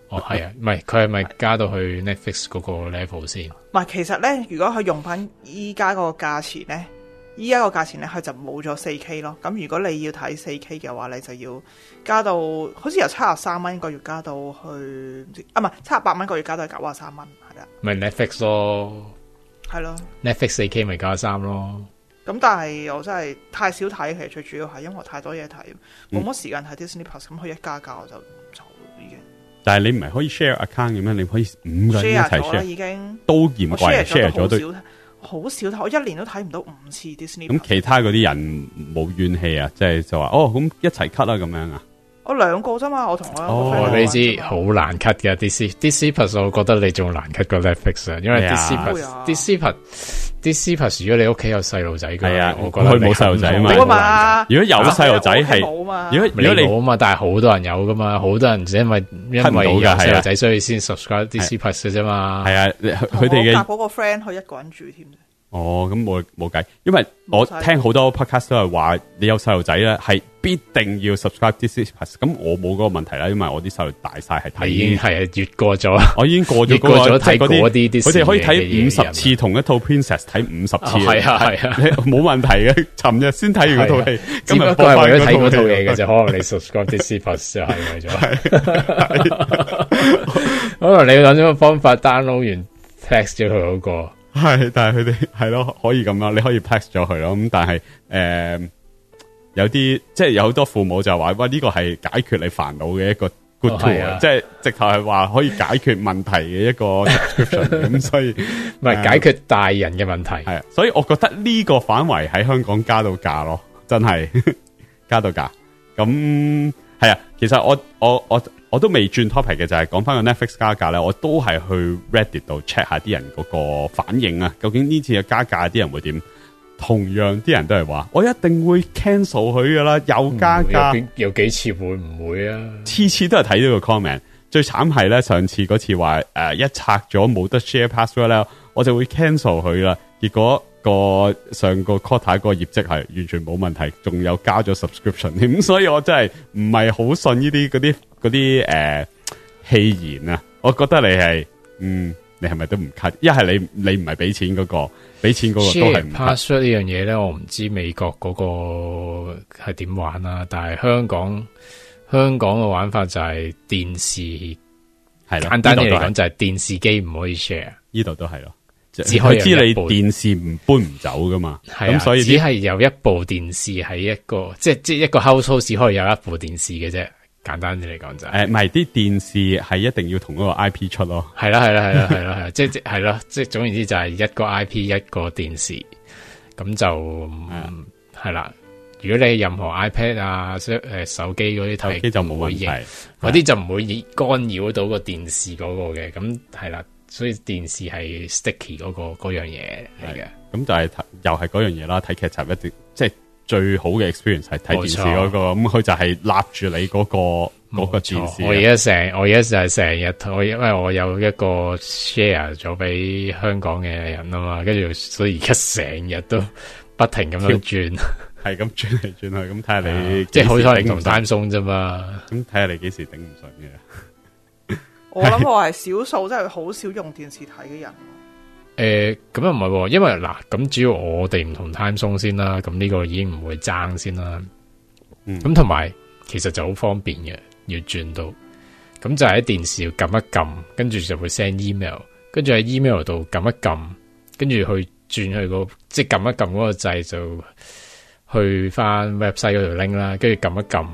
Speaker 2: 哦，係啊，唔係佢係咪加到去 Netflix 嗰個 level 先？
Speaker 3: 唔係，其實咧，如果佢用翻依家嗰個價錢咧。依家個價錢咧，佢就冇咗 4K 咯。咁如果你要睇 4K 嘅話，你就要加到，好似由七十三蚊一個月加到去唔知啊，唔係七十八蚊一個月加到九十三蚊，係啦。
Speaker 2: 咪 Netflix 咯，係咯。Netflix 4K 咪九十三咯。
Speaker 3: 咁但係我真係太少睇，其實最主要係因為太多嘢睇，冇乜時間睇 Disney Plus，咁佢一加價我就走啦已經。
Speaker 1: 但係你唔係可以 share account 嘅咩？你可以五個一齊 share，已經都嫌貴，share 咗都，都。
Speaker 3: 好少睇，我一年都睇唔到五次 Disney。Disney。咁
Speaker 1: 其他嗰啲人冇怨氣啊，即係就話哦，咁一齊 cut 啦咁樣啊。
Speaker 3: 哦，兩、哦、個啫嘛，我同啊。哦，你知
Speaker 1: 好難 cut 嘅 Disney，Disney Plus，e 我覺得你仲難 cut 過 Netflix 啊，因為 Disney
Speaker 2: Plus，Disney Plus。啲 Spotify 如果你屋企有細路仔嘅，我覺得佢冇細路仔嘛
Speaker 3: 吧。如果有細路仔係
Speaker 2: 冇嘛，是嘛。如果如果你冇嘛，但係好多人有噶嘛，好多人因為因為有細路仔所以
Speaker 1: 先 subscribe 啲 Spotify 嘅啫嘛。係啊，佢哋嘅
Speaker 3: 我嗰個 friend 佢一個人住添。
Speaker 1: 哦，咁我冇計，因為我聽好多 podcast 都係話你有細路仔咧，係必定要 subscribe Disney Plus 咁我冇嗰個問題啦，因為我啲細路大晒，係睇已經係啊，越過咗，我已經過咗嗰、嗰個睇嗰啲，佢哋、就是、可以睇五十次同一套 Princess 睇五十次，係啊係啊，冇、啊啊、問題嘅。尋日先睇完套戲、啊，只不過係為咗睇嗰套嘢嘅就可能你 subscribe Disney Plus 就係為咗，可能 你要諗咗乜方法 download 完 text 咗佢嗰個。係，但係佢哋係咯，可以咁樣，你可以 pass 咗佢咯。咁但係，誒、呃，有啲即係有好多父母就話，喂，呢個係解決你煩惱嘅一個 good tool，哦、即係直頭係話可以解決問題嘅一個 description。 咁所以唔係解決大人嘅問題，係、嗯、啊。所以我覺得呢個範圍喺香港加到價咯，真係加到價。咁係啊，其實我我我。我我都未轉 topic 嘅，就係講翻個 Netflix 加價咧，我都係去 Reddit 度 check 下啲人嗰個反應啊。究竟呢次嘅加價啲人會點？同樣啲人都係話，我一定會 cancel 佢噶啦。又加價、嗯，有幾次會唔會啊？次次都係睇呢個 comment。最慘係咧，上次嗰次話誒、呃、一拆咗冇得 share password 咧，我就會 cancel 佢啦。結果個上個 quarter 個業績係完全冇問題，仲有加咗 subscription。咁所以我真係唔係好信呢啲嗰啲。嗰啲誒戲言啊，我覺得你係，嗯，你係咪都唔 cut？一係你你唔係俾錢嗰個，俾錢嗰個都係唔 cut。呢樣嘢咧，我唔知美國嗰個
Speaker 2: 係點玩啦。但係香港香港嘅玩法就係電視係簡單啲講，就係電視機唔可以 share。呢度都係咯，
Speaker 1: 只可以知你電視唔搬唔走噶嘛。咁所以只係
Speaker 2: 有一部電視喺一個，即係即係一個 household 只可以有一部電視嘅啫。簡單啲嚟講就是，
Speaker 1: 誒、呃，唔係啲電視係一定要同嗰個 I P 出咯，係啦係啦係啦係啦，
Speaker 2: 即係係咯，即係總言之就係一個 I P 一個電視，咁就係啦、啊。如果你任何 iPad 啊，誒手機嗰啲投影機就冇會影嗰啲就唔會干擾到個電視嗰個嘅。咁係啦，所以電視係 sticky 嗰、那個嗰樣嘢嚟
Speaker 1: 嘅。咁就係、是、又係嗰樣嘢啦，睇劇集一定即係。最好嘅 experience 係睇電視嗰、那個，咁佢、那個、就係立住你嗰、那個嗰、那個電視。我而家
Speaker 2: 成我而家就係成日，我因為我有一個 share 咗俾香港嘅人啊嘛，跟住所以而家成日都不停咁樣轉，係咁
Speaker 1: 轉嚟轉去，咁睇下你即係、就是、好彩你同 Samsung 啫嘛，咁睇下你幾時頂唔順嘅。
Speaker 3: 我諗我係少數，真係好少用電視睇嘅人。
Speaker 2: 誒、欸，咁又唔係，因為嗱，咁、啊、主要我哋唔同 timezone 先啦，咁呢個已經唔會爭先啦。咁同埋，其實就好方便嘅，要轉到，咁就喺電視要撳一撳，跟住就會 send email，跟住喺 email 度撳一撳，跟住去轉去、嗰個，即係撳一撳嗰個掣就去翻 website 嗰條 link 啦，跟住撳一撳，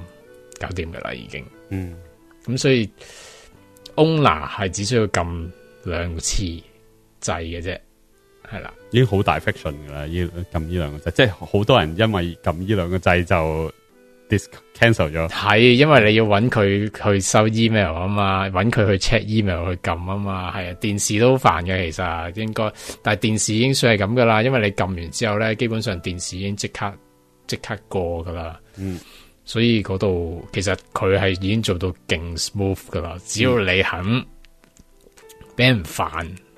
Speaker 2: 搞掂噶啦，已經。嗯。咁所以，Ona 係只需要撳兩個次。制嘅啫，係啦，
Speaker 1: 已經好大 friction 噶啦，要撳呢兩個掣，即係好多人因為撳呢兩個掣就 discancel 咗。係，因為你要揾佢去收 email
Speaker 2: 啊嘛，揾佢去 check email 去撳啊嘛，係啊，電視都好煩嘅，其實應該，但係電視已經算係咁噶啦，因為你撳完之後咧，基本上電視已經即刻即刻過噶啦。嗯，所以嗰度其實佢係已經做到勁 smooth 噶啦，只要你肯，俾人煩。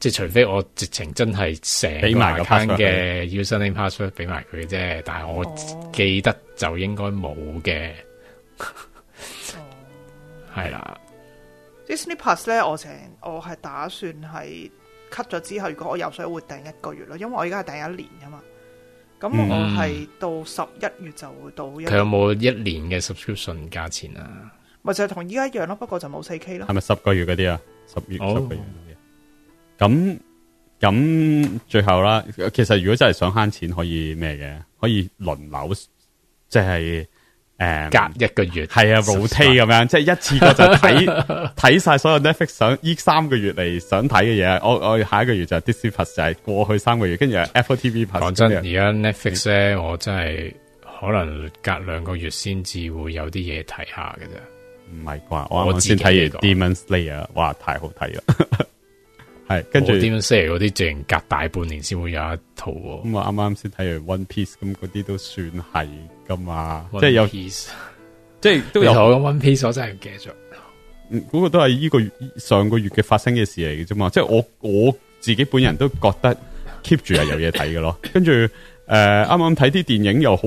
Speaker 2: 即係除非我直情真係成埋嘅 user name password 俾埋佢啫，但係我記得就應該冇嘅，係、哦、啦 。
Speaker 3: Disney Pass 咧，我成我係打算係 cut 咗之後，如果我游水我會訂一個月咯，因為我而家係訂一年噶嘛。咁我係到十一月就會到 1,、嗯。佢有冇一
Speaker 1: 年嘅 subscription 價錢啊？
Speaker 3: 咪、嗯、就係同依家一樣咯，不過就冇四 K 咯。係咪
Speaker 1: 十個月嗰啲啊？十月十、oh. 個月。咁咁最後啦，其實如果真係想慳錢可，可以咩嘅？可以輪流，即係誒隔一個月。係啊，冇睇咁樣，即係一次過就睇睇晒所有 Netflix 想。想依三個月嚟想睇嘅嘢，我我下一個月就 Disney Plus 就係過去三個月，跟住 Apple TV Plus。講真，而家 Netflix 咧，我真係可能隔兩個月先
Speaker 2: 至會有啲嘢睇下嘅啫。唔係啩？我先睇完
Speaker 1: Demon Slayer，哇，太好睇啦！ 係跟住點樣 share 嗰啲，竟隔大半年先會有一套咁、啊嗯、我啱啱先睇完 One Piece，咁嗰啲都算係噶嘛，即係有即係都有。 有我 One Piece 我真係唔記得咗，嗰、嗯、個都係呢個月上個月嘅發生嘅事嚟嘅啫嘛。即、就、係、是、我我自己本人都覺得 keep 住係有嘢睇嘅咯。 跟住誒啱啱睇啲電影又好、啊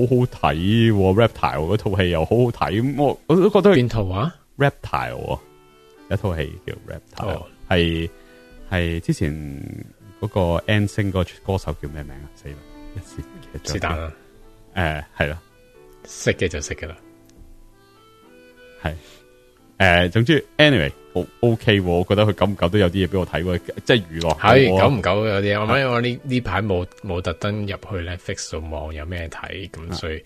Speaker 1: Raptile、又好睇 Raptile 嗰套戲又好好睇，我我都覺得。片頭啊 Raptile 一套戲叫 Raptile 係。Raptile 哦係之前嗰個 N 星嗰個歌手叫咩名啊？死啦、呃！是但啦，誒係咯，
Speaker 2: 識嘅就識噶啦，
Speaker 1: 係、呃、誒總之 anyway，我 OK，我覺得佢久唔久都有啲嘢俾我睇，即係娛樂。係久唔久有啲，我因為
Speaker 2: 我呢呢排冇冇特登入去咧，Facebook 網有咩睇，咁所以是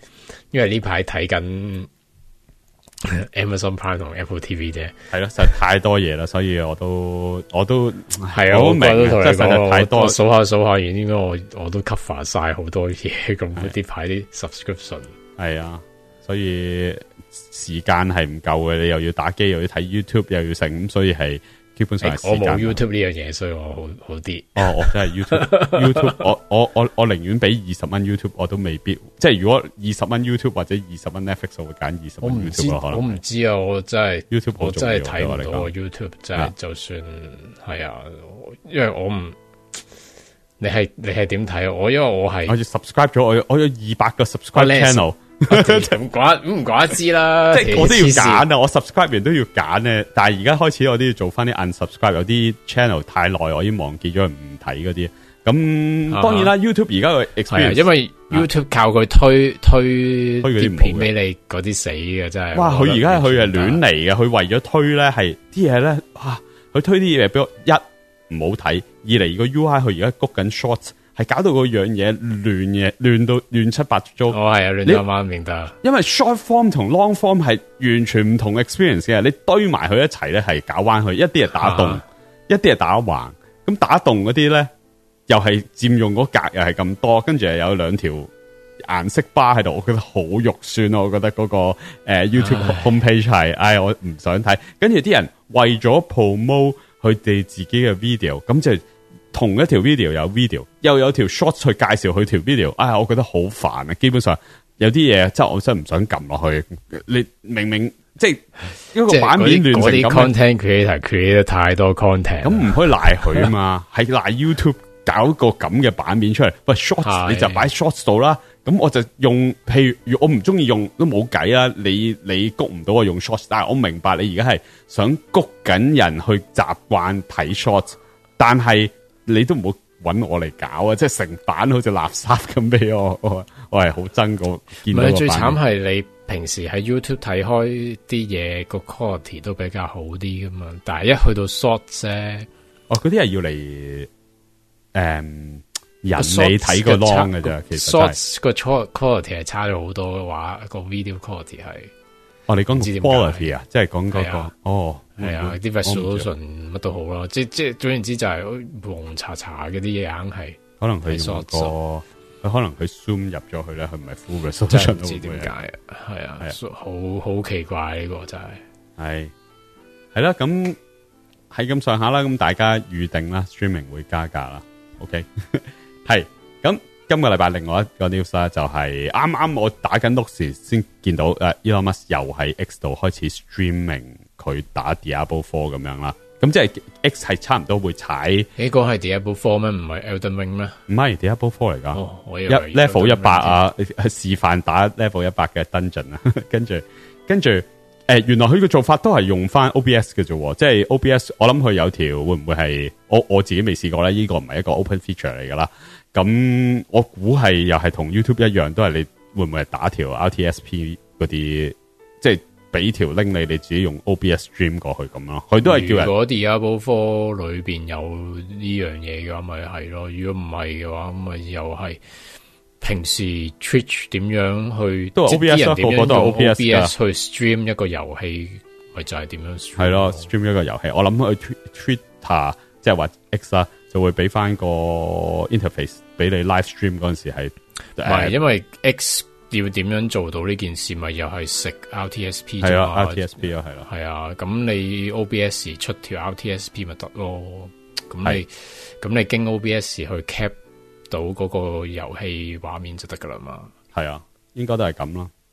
Speaker 2: 因為呢排睇緊。Amazon Prime 同 Apple TV 啫，
Speaker 1: 係咯、啊，實在太多嘢啦，所以我都我都係、 啊，我都明，即係實在太多，數下數下，應該我我都
Speaker 2: cover 晒好多嘢，咁一啲排啲 subscription，
Speaker 1: 係啊，所以時間係唔夠嘅，你又要打機，又要睇 YouTube，又要成，咁所以係。基本上我冇
Speaker 2: YouTube 呢樣嘢，所以我好好啲。 哦，我真係 YouTube，YouTube，我
Speaker 1: 我我我寧願俾二十蚊 YouTube，我都未必。即係如果二十蚊 YouTube 或者二十蚊 Netflix，我會揀二十蚊 YouTube。我唔知，可能係，我唔知
Speaker 2: 啊！我真係 YouTube，我真係睇唔到 YouTube。真係就算係、yeah. 啊，因為我唔，你係你係點睇？我
Speaker 1: 因為我係我要 subscribe 咗，我要我有二百個 subscribe channel、啊。
Speaker 2: 唔管唔管一知啦，即、就、係、是、我都要揀
Speaker 1: 啊！ 我 subscribe 完都要揀咧。但係而家開始我都要做翻啲 unsubscribe，有啲 channel 太耐，我已經忘記咗唔睇嗰啲。咁當然啦啊啊，YouTube 而家佢係因為 YouTube 靠佢推推、啊、推片俾你，嗰啲死嘅真係、啊。哇！佢而家佢係亂嚟嘅，佢為咗推咧係啲嘢咧，哇！佢推啲嘢俾我一唔好睇，二嚟個 UI 佢而家谷緊 short。係搞到嗰樣嘢亂嘢亂到亂七八糟，我係啊亂到明白。因為 short form 同 long form 係完全唔同 experience 嘅，你堆埋佢一齊咧係搞彎佢，一啲係打戙，啊、一啲係打橫。咁打戙嗰啲咧又係佔用嗰格又係咁多，跟住又有兩條顏色 bar 喺度，我覺得好肉酸咯。我覺得嗰、嗰個誒、呃、YouTube home page 係，唉我唔想睇。跟住啲人為咗 promote 佢哋自己嘅 video，咁就同一條 video 有 video，又有條 short 去介紹佢條 video。哎。啊我覺得好煩啊！基本上有啲嘢真係我真係唔想撳落去。你明明即係一個版面亂成咁。我哋 content creator create 得太多 content，咁唔可以賴佢吖嘛？係 賴 YouTube 搞個咁嘅版面出嚟，喂 shorts 你就擺 shorts 度啦。咁我就用譬如,如我唔中意用都冇計啦。你你谷唔到我用 shorts 但係我明白你而家係想谷緊人去習慣睇 shorts 但係。你都唔好揾我嚟搞啊！即係成版好似垃圾咁俾我，我係好憎個。唔係最慘係你平時喺
Speaker 2: YouTube 睇開啲嘢個 quality 都比較好啲噶嘛，但係一去
Speaker 1: 到 short 啫，哦，嗰啲係要嚟誒人哋睇個 long 噶咋，其實 short
Speaker 2: 個 quality 係差咗好多嘅話，個 video quality 係。
Speaker 1: 我、哦、你講唔知點解啊？即係講嗰個、啊、哦，係啊，啲 resolution
Speaker 2: 乜都好囉。即即係總言之就係黃茶茶嗰啲嘢硬係。可能佢個
Speaker 1: 佢可能佢 zoom 入咗去呢，佢唔係 full resolution 都唔知點解，係啊，啊，啊，好好奇怪呢、啊啊啊啊呢個真、就、係、是。係、啊，係啦，咁係咁上下啦，咁大家預定啦，streaming 會加價啦，OK 係。 今個禮拜另外一個 news 啦，就係啱啱我打緊 Lux 先見到誒 Elon Musk 又喺 X 度開始 streaming 佢打 Diablo Four 咁樣啦。咁即係 X 係差唔多會踩？呢個係 Diablo Four 咩？唔係 Elden Ring 咩？唔係 Diablo Four 嚟噶，level 一百啊，啊，示範打 level 一百嘅 Dungeon 啦。 跟住跟住誒，原來佢個做法都係用翻 OBS 嘅啫，即係 OBS，我諗佢有條會唔會係我我自己未試過咧？呢個唔係一個 open feature 嚟噶啦。咁我估係又係同 YouTube 一樣，都係你會唔會打條 RTSP 嗰啲，即係俾條 link 你，你自己用 OBS stream 過去咁咯。佢都係叫如果
Speaker 2: Diablo 4裏邊有呢樣嘢嘅話，咪係咯。如果唔係嘅話，咁咪又係平時 Twitch 點樣去都 OBS，啊，即係啲人點樣用 OBS, OBS 去 stream 一個遊戲，咪就係、是、點樣
Speaker 1: 係咯 stream 一個遊戲。我諗佢 Twitter 即係話 X 啊。就會俾翻個 interface 俾你 live stream 嗰陣時係，唔係因
Speaker 2: 為 X 要點樣做到呢件事咪又係食 RTSP 係啊，RTSP 啊係係啊，咁、啊啊啊、你 OBS 出條 RTSP 咪得咯，咁你咁你經 OBS 去 cap 到嗰個遊戲畫面就得噶啦嘛，
Speaker 1: 係啊，應該都係咁啦。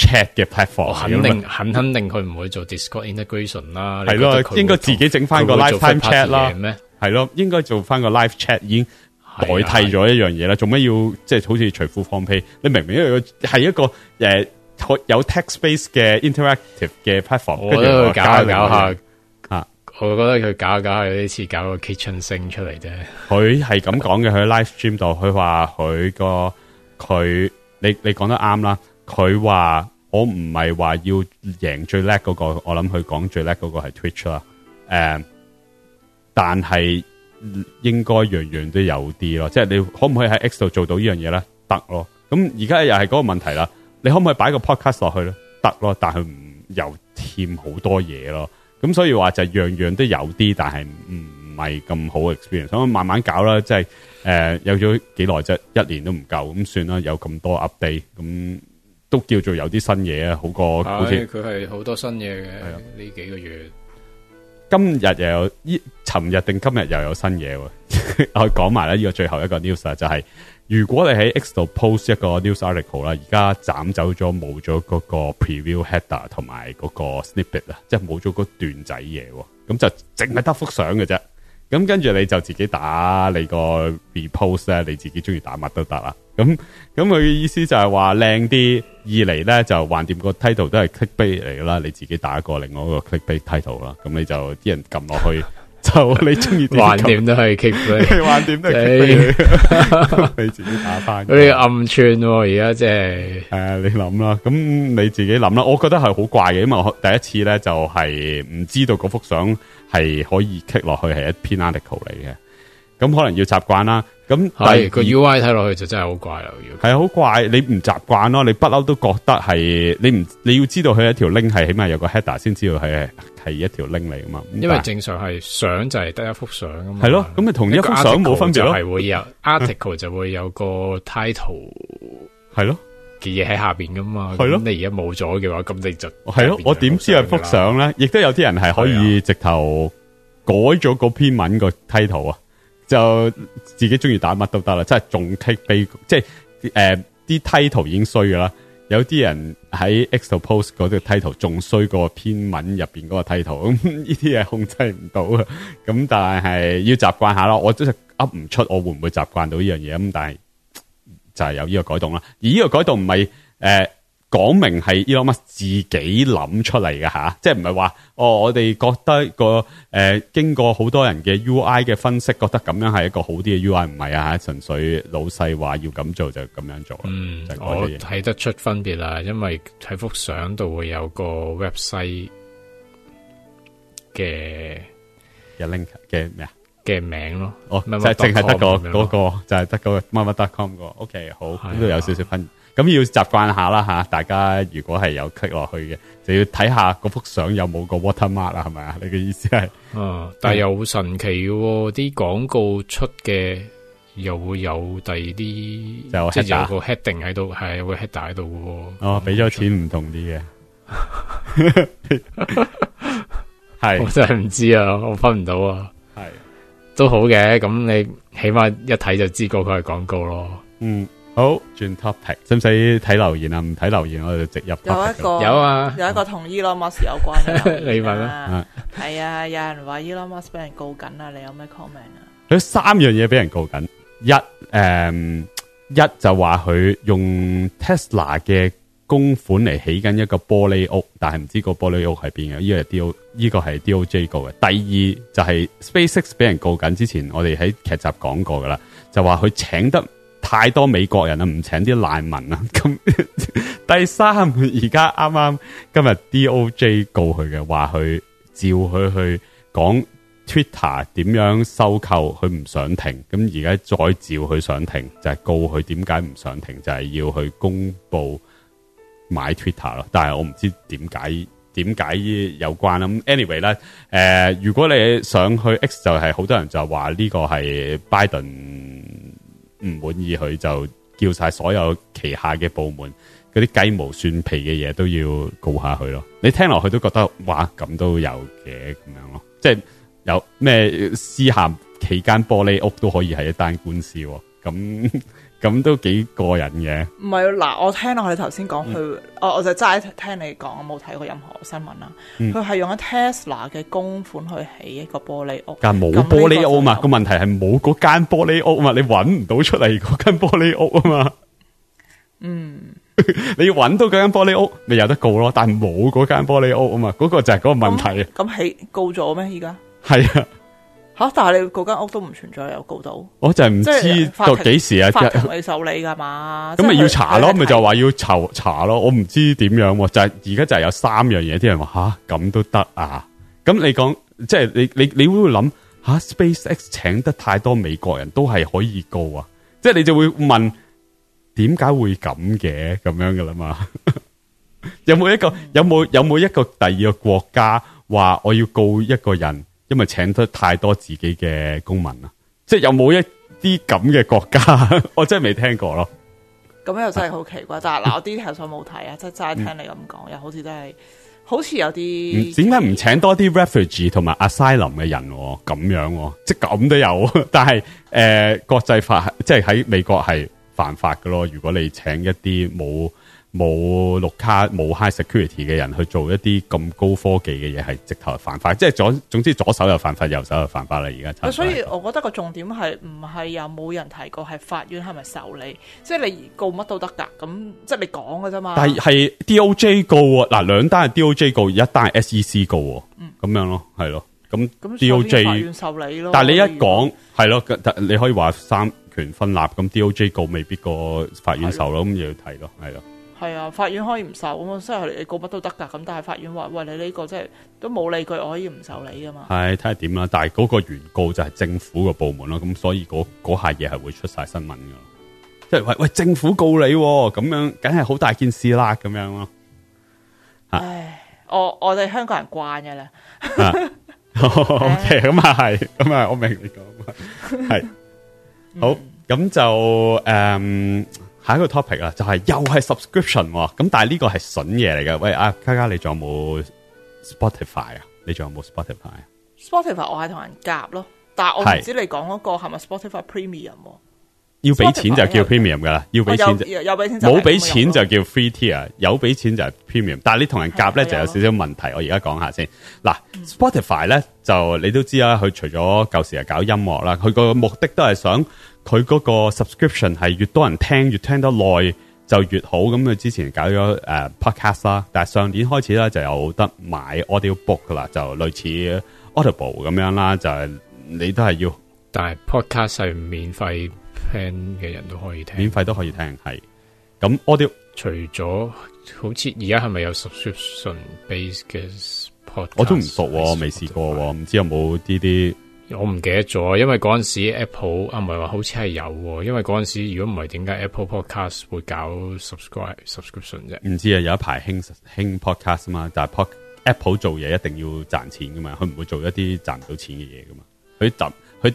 Speaker 1: chat 嘅 platform 肯定肯，肯
Speaker 2: 定佢唔會做 Discord integration 啦，係咯，應該自己整翻個 live time chat 啦。係
Speaker 1: 咩？係咯，應該做翻個 live chat 已經代替咗一樣嘢啦。做咩要即係、就是、好似除褲放屁？你明明因為係一個誒、呃，有 text based 嘅 interactive 嘅 platform，我都去搞一下搞一下啊。我覺
Speaker 2: 得佢搞一下搞下有啲似搞個 Kitchen sink 出嚟啫。
Speaker 1: 佢係咁講嘅，佢 喺 live stream 度，佢話佢個佢，你你講得啱啦。佢話我唔係話要贏最叻嗰個，我諗佢講最叻嗰個係 Twitch 啦。誒，但係應該樣樣都有啲咯，即係你可唔可以喺 X 度做到呢樣嘢咧？得咯。咁而家又係嗰個問題啦，你可唔可以擺個 podcast 落去咧？得咯，但係唔又添好多嘢咯。咁所以話就樣樣都有啲，但係唔係咁好嘅 experience，所以慢慢搞啦。即係誒，有咗幾耐啫？一年都唔夠，咁算啦。有咁多 update，咁。都叫做有啲新嘢啊，好過好似佢
Speaker 2: 係好多新嘢嘅係啊，呢幾個月。
Speaker 1: 今日又有呢，尋日定今日又有新嘢。我講埋咧呢個最後一個 news 啊，就係如果你喺 X 度 post 一個 news article 啦，而家斬走咗冇咗個 preview header 同埋嗰個 snippet 啊，即係冇咗嗰段仔嘢，咁就淨係得幅相嘅啫。咁跟住你就自己打你個 repose 咧，你自己中意打乜都得啦。咁咁佢嘅意思就係話靚啲，二嚟咧就橫掂個 title 都係 clickbait 嚟啦，你自己打一個另外一個 clickbait title 啦。咁你就啲人撳落去， 就你中意橫掂都係 clickbait，橫掂都係
Speaker 2: 你自己打翻。嗰啲
Speaker 1: 暗寸喎，而家即係，係啊，你諗啦，咁你自己諗啦。我覺得係好怪嘅，因為我第一次咧就係唔知道嗰幅相。係可以 kick 落去，係一篇 article 嚟嘅，咁可能要習慣啦。咁，例如，個 UI 睇落去
Speaker 2: 就真係好怪啦，要
Speaker 1: 係好怪，你唔習慣咯，你不嬲都覺得係你唔你要知道佢一條 link 係起碼有個 header 先知道係係一條 link 嚟噶嘛。因為正
Speaker 2: 常係相就係得一幅相咁嘛。係咯，咁咪同一幅相冇分別咯。係會有 article，嗯、就會有個 title，係咯。嘅嘢喺下邊噶嘛，係咯、啊。你而家冇咗嘅話，咁你就
Speaker 1: 係咯、啊。我點知係幅相咧？亦都有啲人係可以直頭改咗個篇文個 title 啊，就自己中意打乜都得啦。即係仲激比，即係誒，啲 title 已經衰噶啦。有啲人喺 Xpost 嗰度 title 仲衰過篇文入邊嗰個 title，咁呢啲嘢控制唔到啊。咁但係要習慣下咯。我真係 up 唔出，我會唔會習慣到呢樣嘢咁？但係。就係、是、有呢個改動啦，而呢個改動唔係誒講明係 Elon Musk 自己諗出嚟嘅吓，即係唔係話哦我哋覺得個誒、呃、經過好多人嘅 UI 嘅分析，覺得咁樣係一個好啲嘅 UI 唔係啊，吓純粹老細話要咁做就咁樣做。啦，嗯，就係、我睇
Speaker 2: 得出分別啦，因為睇幅相度會有個 website 嘅
Speaker 1: 嘅 link 嘅咩啊？嘅名咯，哦，就淨係得個嗰、那個，就、那、係、個、得嗰乜乜 .com 個什麼什麼，OK，好，都、啊、有少少分，咁要習慣下啦吓。大家如果係有 click 落去嘅，就要睇下嗰幅相有冇個 watermark 啦，係咪啊？你嘅意思係，但係
Speaker 2: 又好神奇嘅、哦，啲、嗯、廣告出嘅又會有第二啲，就即係有，有個 heading 喺度，係會 heading 喺度
Speaker 1: 喎。哦，俾咗錢唔同啲嘅，係， 我真係唔知啊，我
Speaker 2: 分唔到啊，係。都好嘅，咁你起碼一睇就知道佢係廣告
Speaker 1: 咯。嗯，好，轉 topic，使唔使睇留言啊？唔睇留言我就直入。有一個有啊，有
Speaker 3: 一個同 Elon Musk 有關嘅、啊、 你問啦。係啊， 啊，有人話 Elon Musk 俾人告緊啊，你有咩 comment
Speaker 1: 啊？佢三樣嘢俾人告緊，一誒、嗯、一就話佢用 Tesla 嘅。公款嚟起緊一個玻璃屋，但係唔知個玻璃屋係邊嘅？呢、這個係 D.O. 呢個係 D.O.J. 告嘅。第二就係、是、SpaceX 俾人告緊之前，我哋喺劇集講過㗎喇，就話佢請得太多美國人啦，唔請啲難民啦。咁 第三，而家啱啱今日 D.O.J. 告佢嘅話，佢照佢去講 Twitter 點樣收購，佢唔想停。咁而家再照佢想停，就係、是、告佢點解唔想停，就係、是、要去公布。買 Twitter 咯，但係我唔知點解點解有關啦。咁 anyway 咧，誒，如果你想去 X，就係、是、好多人就話呢個係 Biden 唔滿意佢，就叫晒所有旗下嘅部門嗰啲雞毛蒜皮嘅嘢都要告下佢咯。你聽落去都覺得哇，咁都有嘅咁樣咯，即係有咩私下企間玻璃屋都可以係一單官司咁。咁都幾過癮嘅，
Speaker 3: 唔係，嗱，我聽啦，你頭先講佢，我我就齋聽你講，冇睇過任何新聞啦。佢係用一 Tesla 嘅公款去起一個玻璃屋，但係冇玻璃屋
Speaker 1: 嘛，個問題係冇嗰間玻璃屋嘛，你搵唔到出嚟嗰間玻璃屋啊嘛，嗯，你要搵到嗰間玻璃屋，咪有得告咯，但係冇嗰間玻璃屋啊嘛，嗰個就係嗰個問題啊，
Speaker 3: 咁起告咗咩？而家係啊。吓、啊！但係你嗰間屋都唔存在，有告到，
Speaker 1: 我就係唔知到幾時啊！法庭未
Speaker 3: 受理噶嘛，咁咪要
Speaker 1: 查咯，咪就話要查查咯。我唔知點樣、啊，就係而家就係有三樣嘢，啲人話吓咁都得啊！咁、啊、你講即係你你你會諗吓、啊、？SpaceX 請得太多美國人都係可以告啊！即、就、係、是、你就會問點解會咁嘅咁樣噶啦嘛？ 有冇一個、嗯、有冇有冇一個第二個國家話我要告一個人？因為請得太多自己嘅公民啦，即係有冇一啲咁嘅國家，我真係未聽過
Speaker 3: 咯。咁又真係好奇怪。但係嗱，我啲睇咗冇睇啊，即係齋聽你咁講，又好似都係，好似有啲點
Speaker 1: 解唔請多啲 refugee 同埋 asylum 嘅人？咁樣即係咁都有，但係誒、呃，國際法即係喺美國係犯法嘅咯。如果你請一啲冇。冇綠卡冇 high security 嘅人去做一啲咁高科技嘅嘢，係直頭犯法，即係左總之左手又犯法，右手又犯法啦。而家所以
Speaker 3: 我覺得個重點係唔係又冇人提過，係法院係咪受理？即係你告乜都得㗎，咁即係你講㗎啫嘛。但係
Speaker 1: D O J 告，嗱兩單係 D O J 告，而一單係 S E C 告，喎。嗯，咁樣咯，係咯，咁 D O J 法院受理咯。但係你一講，係咯，你可以話三權分立，咁 D O J 告未必個法院受咯，咁要睇咯，係咯。
Speaker 3: 係啊，法院可以唔受咁，即係你，你告乜都得噶。咁但係法院話喂，你呢個即係都冇理據，我可以唔受理噶嘛。
Speaker 1: 係睇下點啦。但係嗰個原告就係政府嘅部門咯，咁所以嗰下嘢係會出晒新聞噶。即係喂喂，政府告你咁樣，梗係好大件事啦，咁樣咯。
Speaker 3: 唉，我我哋香港人慣噶啦。
Speaker 1: O K，咁啊係，咁 啊、哦 okay, 呃、我明你講係。好，咁、嗯、就誒。嗯。下一個 topic 就是又是啊，就係又係 subscription 咁，但係呢個係筍嘢嚟嘅。喂，啊，嘉嘉，你仲有冇 Spotify 啊？你仲有冇 Spotify？Spotify、
Speaker 3: 啊、我係同人夾咯，但係我唔知你講嗰個係咪 Spotify Premium？、啊、要俾錢就叫 Premium 噶、啊、啦，Spotify、要俾錢就有俾錢冇俾錢
Speaker 1: 就叫 Free Tier，、啊、有俾、啊啊、錢就，錢、就是、錢就，錢就係 Premium。但係你同人夾咧就有少少問題，我而家講下先。嗱，Spotify 咧就你都知啦，佢除咗舊時係搞音樂啦，佢個目的都係想。佢嗰個 subscription 係越多人聽越聽得耐就越好，咁佢之前搞咗、uh, podcast 啦，但係上年開始咧就有得買 audiobook 噶啦，就類似 Audible 咁樣啦，就係你都係要，但係 podcast 係免費 plan 嘅人都可以聽，免費都可以聽，
Speaker 2: 係。咁 audio 除咗好似而家係咪有 subscription base 嘅 podcast？我都唔
Speaker 1: 熟，未試過，唔知有冇呢啲。我唔記得咗，
Speaker 2: 因為嗰陣時 Apple 啊唔係，唔係話好似係有，因為嗰陣時如果唔係點解 Apple Podcast 會搞 subscribe subscription 啫？唔
Speaker 1: 知啊，有一排興興 podcast 嘛，但、就、係、是、Apple 做嘢一定要賺錢噶嘛，佢唔會做一啲賺唔到錢嘅嘢噶嘛。佢佢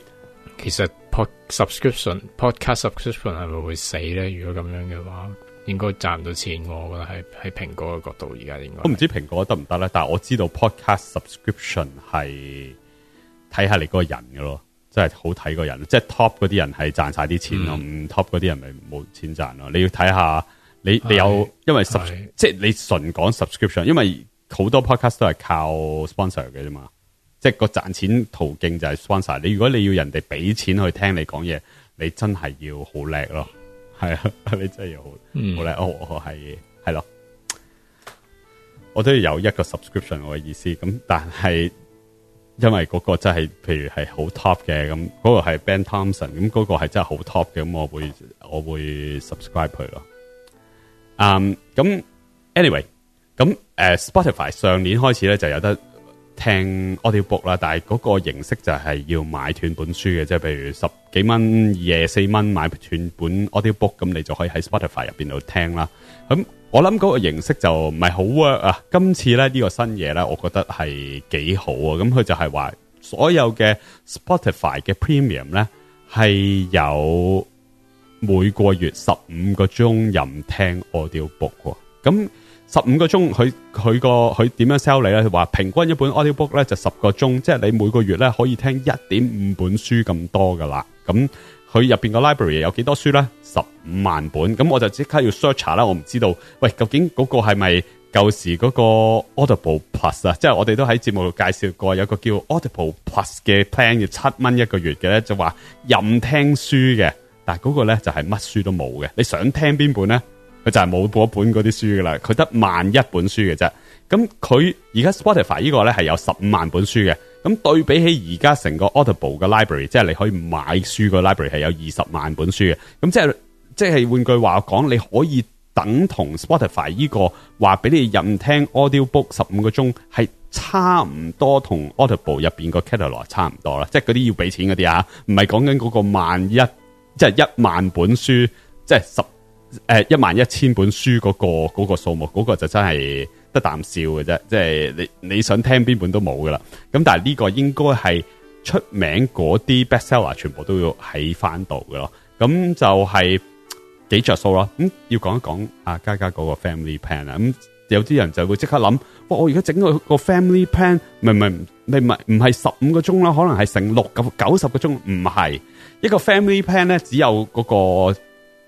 Speaker 1: 其實 pod、嗯嗯、subscription podcast subscription 係
Speaker 2: 咪會死咧？如果咁樣嘅話，應該賺唔到錢㗎啦，我覺得喺喺蘋果嘅角度而家應該。我唔知
Speaker 1: 蘋果得唔得咧，但係我知道 podcast subscription 係。睇下你嗰個人噶咯，真係好睇個人，即係 top 嗰啲人係賺晒啲錢咯，唔、嗯嗯、top 嗰啲人咪冇錢賺咯。你要睇下你你有，是因為是即係你純講 subscription，因為好多 podcast 都係靠 sponsor 嘅啫嘛，即係個賺錢途徑就係 sponsor。你如果你要人哋俾錢去聽你講嘢，你真係要好叻咯，係啊，你真係要好好叻哦，係係咯，我都有一個 subscription 我嘅意思咁，但係。因為嗰個真係，譬如係好 top 嘅咁，嗰個係 Ben Thompson，咁嗰個係真係好 top 嘅，咁我會我會 subscribe 佢咯。嗯、um，咁 anyway，咁、uh, Spotify 上年開始咧就有得聽 audio book 啦，但係嗰個形式就係要買斷本書嘅，即係譬如十幾蚊、二四蚊買斷本 audio book，咁你就可以喺 Spotify 入面度聽啦。咁。我諗嗰個形式就唔係好 work 啊！今次咧呢個新嘢咧，我覺得係幾好啊！咁佢就係話所有嘅 Spotify 嘅 Premium 咧，係有每個月十五個鐘任聽 Audio Book。咁十五個鐘佢佢個佢點樣 sell 你咧？佢話平均一本 Audio Book 咧就十個鐘，即係你每個月咧可以聽一點五本書咁多噶啦。咁佢入邊個 library 有幾多書咧？十五萬本，咁我就即刻要 search 啦。我唔知道，喂，究竟嗰個係咪舊時嗰個 Audible Plus 啊？即係我哋都喺節目度介紹過，有個叫 Audible Plus 嘅 plan 要七蚊一個月嘅咧，就話任聽書嘅，但係嗰個咧就係乜書都冇嘅，你想聽邊本咧，佢就係冇嗰本嗰啲書噶啦，佢得萬一本書嘅啫。咁佢而家 Spotify 呢個咧係有十五萬本書嘅，咁對比起而家成個 Audible 嘅 library，即係你可以買書個 library 係有二十萬本書嘅，咁即係即係換句話講，你可以等同 Spotify 呢、這個話俾你任聽 Audio Book 十五個鐘，係差唔多同 Audible 入邊個 catalog 差唔多啦。即係嗰啲要俾錢嗰啲啊，唔係講緊嗰個萬一即係、就是、一萬本書，即、就、係、是、十誒、呃、一萬一千本書嗰、那個嗰、那個數目，嗰、那個就真係。得啖笑嘅啫，即係你你想聽邊本都冇噶啦。咁但係呢個應該係出名嗰啲 bestseller 全部都、嗯、要喺翻度嘅咯。咁就係幾着數咯。咁要講一講阿家家嗰個 family plan 啊、嗯。咁有啲人就會即刻諗，哇！我而家整個個 family plan，唔唔唔唔唔係十五個鐘啦，可能係成六九十個鐘，唔係一個 family plan 咧，只有嗰、嗰個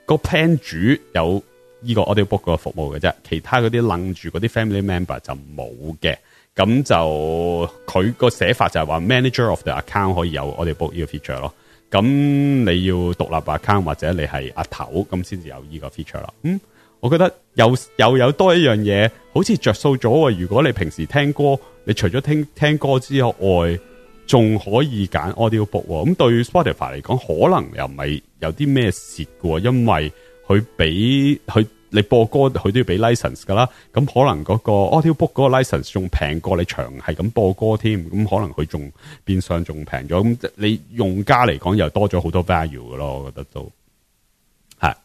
Speaker 1: 個 plan 主有。依、依個 audio book 個服務嘅啫，其他嗰啲愣住嗰啲 family member 就冇嘅，咁就佢個寫法就係話 manager of the account 可以有 audio book 呢個 feature 咯。咁你要獨立 account 或者你係阿頭咁先至有依個 feature 啦。嗯，我覺得又又有多一樣嘢，好似着數咗喎。如果你平時聽歌，你除咗聽聽歌之外，仲可以揀 audio book 喎。咁對 Spotify 嚟講，可能又唔係有啲咩蝕嘅喎，因為。佢俾佢你播歌，佢都要俾 license 噶啦。咁可能嗰個 audio book 嗰個 license 仲平過你長係咁播歌添。咁可能佢仲變相仲平咗。咁你用家嚟講又多咗好多 value 噶咯，我覺得都吓，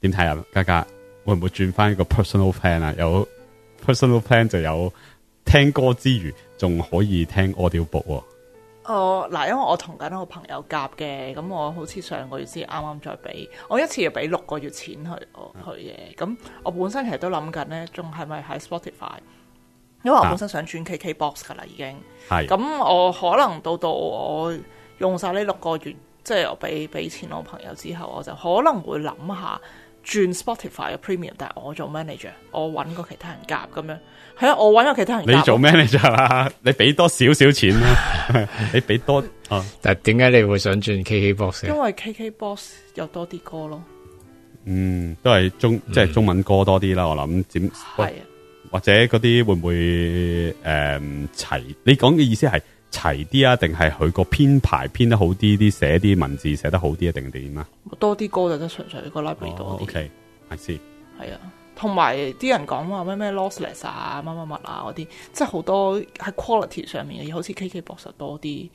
Speaker 1: 點睇啊，家家，會唔會轉翻一個 personal plan 啊？有 personal plan 就有聽歌之餘，仲可以聽 audio book 啊。
Speaker 3: 我、哦、嗱，因為我同緊我個朋友夾嘅，咁我好似上個月先啱啱再俾，我一次要俾六個月錢去我嘅，咁我本身其實都諗緊呢，仲係咪喺 Spotify？因為我本身想轉 KKBox 噶啦，啊，已經。係。咁我可能到到我用晒呢六個月，即、就、係、是、我俾俾錢給我朋友之後，我就可能會諗下。轉 Spotify 嘅 Premium，但係我做 manager，我揾過其他人夾咁樣，係啊，我揾過其他人夾。你做 manager
Speaker 1: 啦、啊， 你俾多少少錢啦、啊， 你俾多啊？但係點解你會想轉 KKBox？因
Speaker 3: 為 KKBox 有多啲歌咯，嗯，
Speaker 1: 都係中即係、即係、中文歌多啲啦。嗯、我諗點係，或者嗰啲會唔會誒齊、嗯？你講嘅意思係。齊啲啊，定係佢個編排編得好啲啲，寫啲文字寫得好啲啊，定點
Speaker 3: 啊？多啲歌就得純粹個 library 多啲。O K，I see，係啊，同埋啲人講話咩咩 lossless 啊，乜乜乜啊嗰啲，即係好多喺 quality 上面嘅嘢，好似 KKBOX 多啲，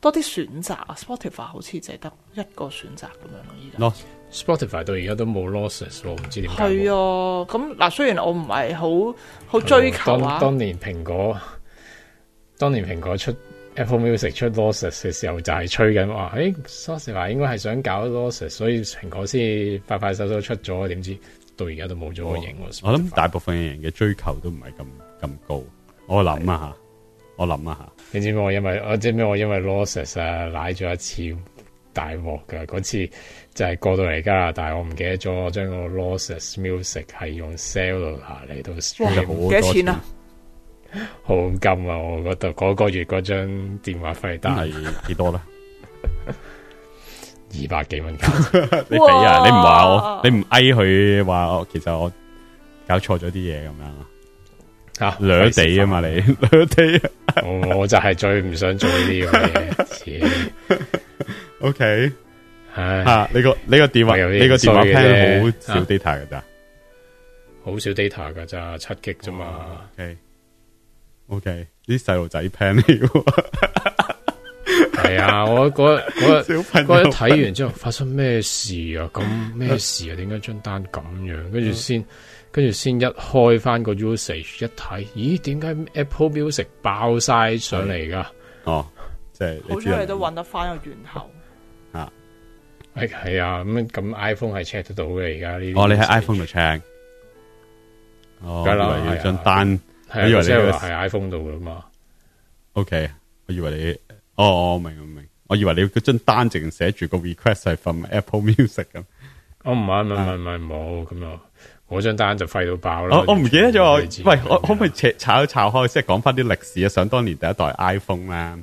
Speaker 3: 多啲選擇啊。Spotify 好似淨係得一個選擇咁樣咯。依
Speaker 2: 家 Spotify 到而家都冇 lossless，我唔知點係
Speaker 3: 啊。咁嗱，雖然我唔係好好追求啊。當，當
Speaker 2: 年蘋果，當年蘋果出。Apple Music 出 Losses 嘅時候就係吹緊，話誒 Losses 話應該係想搞 Losses，所以蘋果先快快手手出咗，點知到而家都冇咗個影。我諗
Speaker 1: 大部分嘅人嘅追求都唔係咁咁高，我諗啊吓，我諗啊吓。你
Speaker 2: 知唔知我因為我知唔知我因為 Losses 啊，瀨咗一次大鑊嘅嗰次就係過到嚟家啦，但係我唔記得咗，我將個 Losses Music 係用 sale 到下嚟到哇，幾多錢，多錢啊？好金啊！我嗰度嗰個月嗰張電話費單係
Speaker 1: 幾多咧？二百幾蚊。你俾啊！你唔話我，你唔嗌佢話我。其實我搞錯咗啲嘢咁樣啊！兩地啊嘛，你兩地，我我就係最唔想做呢啲嘢。O K，唉，你個你個電話，你個電話聽好少 data 噶咋？
Speaker 2: 好少 data 噶咋？七 G 啫嘛。
Speaker 1: OK，啲細路仔 plan 係啊！我嗰嗰日睇完之
Speaker 2: 後，發生咩事啊？咁咩事啊？點解張單咁樣？跟住先，跟、嗯、住先一開翻個 usage 一睇，咦？點解 Apple Music 爆晒上嚟噶？
Speaker 1: 哦，即、
Speaker 2: 就、係、
Speaker 3: 是、好彩都揾得翻個源頭
Speaker 2: 啊！係 啊！咁咁、啊、iPhone 係 check 得到嘅，而家，哦，你喺 iPhone
Speaker 1: 度 check 哦，原來張單、啊。嗯係以係你喺、嗯、
Speaker 2: iPhone 度啦嘛
Speaker 1: ，OK，我以為你，哦，我明明，我以為你嗰張單淨寫住個 request 係 from Apple Music 咁，哦，
Speaker 2: 唔係唔係唔係唔冇咁啊，我張單就廢到爆啦，我唔
Speaker 1: 記得咗我，喂，我可唔可以炒炒開，即係講翻啲歷史啊？想當年第一代 iPhone 啦，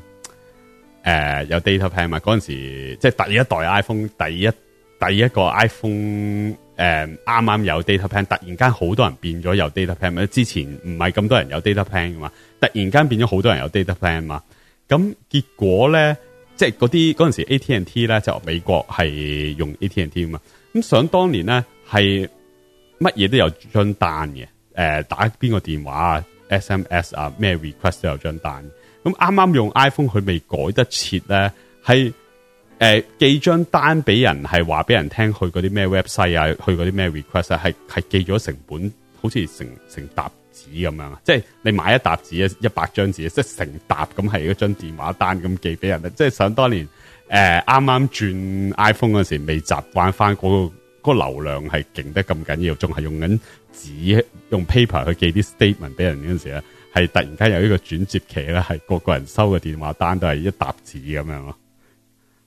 Speaker 1: 誒，有 data plan 嘛？嗰陣時即係第一代 iPhone，第一第一個 iPhone。誒、嗯，啱啱有 data plan，突然間好多人變咗有 data plan，之前唔係咁多人有 data plan 噶嘛，突然間變咗好多人有 data plan 嘛，咁結果咧、就是，即係嗰啲嗰陣時 AT&T 咧就美國係用 AT&T 嘛，咁想當年咧係乜嘢都有張單嘅，誒、呃，打邊個電話啊，SMS 啊，咩 request 都有張單，咁啱啱用 iPhone 佢未改得切咧，係。誒、呃，寄張單俾人係話俾人聽，去嗰啲咩 website 啊，去嗰啲咩 request 啊，係係寄咗成本，好似成成沓紙咁樣，即係你買一沓紙，一一百張紙，即係成沓咁，係一張電話單咁寄俾人。即係想當年，誒、呃，啱啱轉 iPhone 嗰時習慣，未習慣翻嗰個嗰、嗰個流量係勁得咁緊要，仲係用緊紙，用 paper 去寄啲 statement 俾人嗰陣時啊，係突然間有一個轉接期呢，係個個人收嘅電話單都係一沓紙咁樣咯。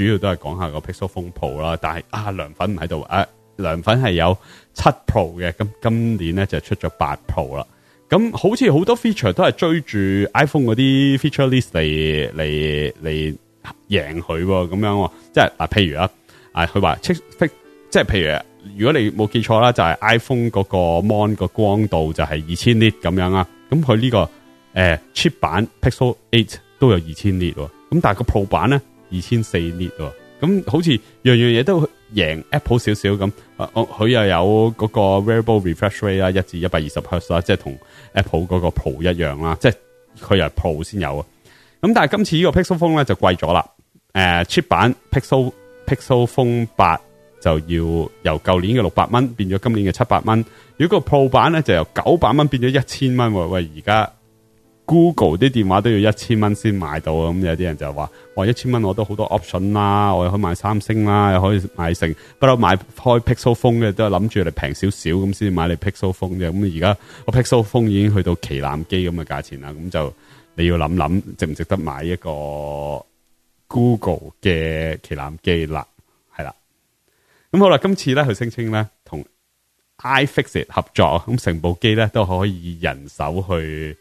Speaker 1: 主要都係講下個 Pixel 風暴啦，但係啊涼粉唔喺度，誒、啊、涼粉係有七 Pro 嘅，咁今年咧就出咗八 Pro 啦，咁好似好多 feature 都係追住 iPhone 嗰啲 feature list 嚟嚟嚟贏佢咁樣，即係啊，譬如啊，啊佢話即係譬如如果你冇記錯啦，就係、是、iPhone 嗰個 Mon 個光度就係二千 nit 咁樣啦，咁佢呢個誒 cheap、呃、版 Pixel 8都有二千 nit，咁但係個 Pro 版咧。二千四列喎，咁好似樣樣嘢都贏 Apple 少少咁，佢、啊、又有嗰個 Variable Refresh Rate 啦，一至一百二十赫茲啦，即係同 Apple 嗰個 Pro 一樣啦，即係佢又係 Pro 先有啊。咁但係今次呢個 Pixel Phone 咧就貴咗啦，誒、呃、cheap 版 Pixel Pixel Phone 八就要由舊年嘅六百蚊變咗今年嘅七百蚊，如果個 Pro 版咧就由九百蚊變咗一千蚊喎，喂，而家，Google 啲電話都要一千蚊先買到，咁、嗯、有啲人就話：，哇、哦，一千蚊我都好多 option 啦，我又可以買三星啦，又可以買成不嬲買，買開 Pixel Phone 嘅，都係諗住嚟平少少咁先買你 Pixel Phone 嘅。咁而家個 Pixel Phone 已經去到旗艦機咁嘅價錢啦，咁、嗯、就你要諗諗值唔值得買一個 Google 嘅旗艦機啦，係啦。咁好啦，今次咧佢聲稱咧同 iFixit 合作，咁、嗯、成部機咧都可以人手去。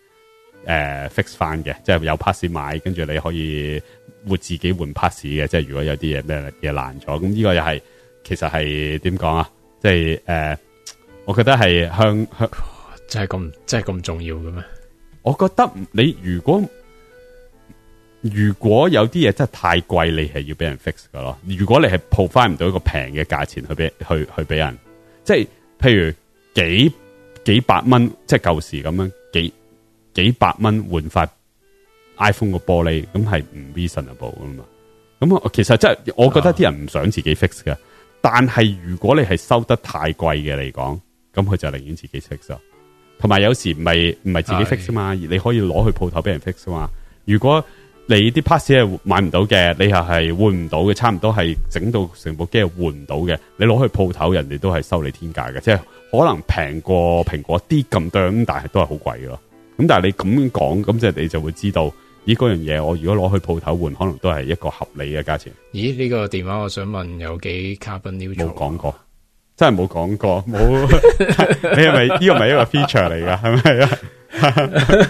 Speaker 1: 誒、呃、fix 翻嘅，即係有 pass 買，跟住你可以會自己換 pass 嘅。即係如果有啲嘢咩嘢爛咗，咁呢個又係其實係點講啊？即係誒、呃，我覺得係向向，真係咁真係咁重要嘅咩？我覺得你如果如果有啲嘢真係太貴，你係要俾人 fix 噶咯。如果你係 provide 唔到一個平嘅價錢去俾去去俾人，即係譬如幾幾百蚊，即係舊時咁樣。幾百蚊換返 iPhone 嘅玻璃，咁係唔 reasonable 噶嘛？咁其實真係，我覺得啲人唔想自己 fix 嘅。啊、但係如果你係收得太貴嘅嚟講，咁佢就寧願自己 fix 咯。同埋有，有時咪唔係自己 fix 啊嘛，你可以攞去鋪頭俾人 fix 啊嘛。如果你啲 parts 係買唔到嘅，你又係換唔到嘅，差唔多係整到成部機係換唔到嘅。你攞去鋪頭，人哋都係收你天價嘅，即係可能平過蘋果啲咁多，咁但係都係好貴咯。咁但係你咁講，咁就你就會知道，咦嗰樣嘢我如果攞去鋪頭換，可能都係一個合理嘅價錢。咦？呢、這個電話我想問有幾 carbon neutral？冇講過，真係冇講
Speaker 2: 過，冇 哈哈。 你係咪呢個咪一個 feature 嚟噶？係咪啊？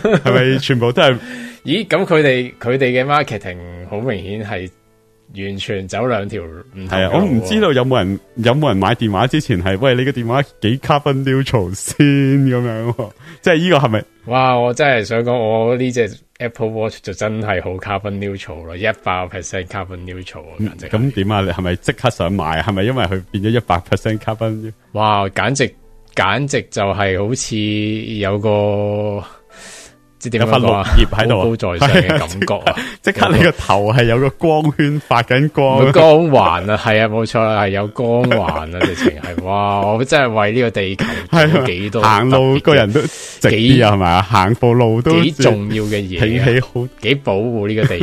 Speaker 2: 係咪
Speaker 1: 全部都係？
Speaker 2: 咦？咁佢哋佢哋嘅 marketing 好明顯係。完全走兩條唔同嘅路。係啊！我唔知道
Speaker 1: 有冇人有冇人買電話之前係，喂，你個電話幾 carbon neutral 先咁樣，即係呢個係咪？
Speaker 2: 哇！我真係想講我呢隻 Apple Watch 就真係好 carbon neutral 咯，一百 percent carbon
Speaker 1: neutral 啊！簡直！咁點、嗯、啊？你係咪即刻想買？係咪因為佢變咗一百 percent carbon？哇！簡直簡直就係好似有個。
Speaker 2: 即點樣分落葉喺度高在上嘅感覺啊！即 刻，刻你個
Speaker 1: 頭，係有個光圈
Speaker 2: 發緊光光環啊！係 啊，冇錯喇，係有光環啊！直情係哇！我真係為呢個地
Speaker 1: 球做幾多行路個人都幾啊係咪？行步路都幾重要嘅嘢，啊，起好幾保護呢個地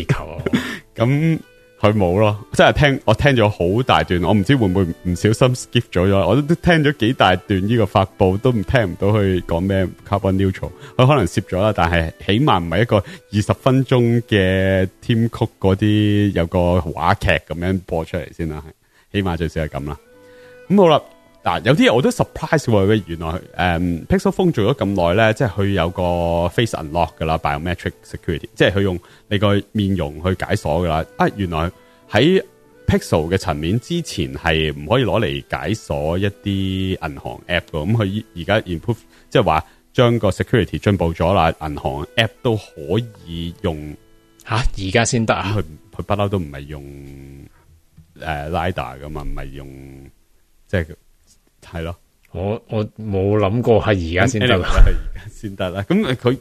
Speaker 1: 球咁，啊。 佢冇咯，真係聽我聽咗好大段，我唔知會唔會唔小心 skip 咗咗，我都都聽咗幾大段呢個發布，都唔聽唔到佢講咩 carbon neutral，佢可能 skip 咗啦，但係起碼唔係一個二十分鐘嘅 theme 曲嗰啲有個話劇咁樣播出嚟先啦，係起碼最少係咁啦，咁、嗯、好啦。.嗱、啊，有啲嘢我都 surprise 喎，原來誒、嗯、Pixel Phone 做咗咁耐咧，即係佢有個 face unlock 噶啦，biometric security，即係佢用你個面容去解鎖嘅啦。啊，原來喺 Pixel 嘅層面之前係唔可以攞嚟解鎖一啲銀行 app 嘅，咁佢而家 improve，即係話將個 security 進步咗啦，銀行 app 都可以用吓，而家先得啊？佢佢不嬲都唔係用誒 lidar 嘅嘛，唔、uh, 係用即係。係咯我，我我冇諗過係而家先得，而家先得啦。咁佢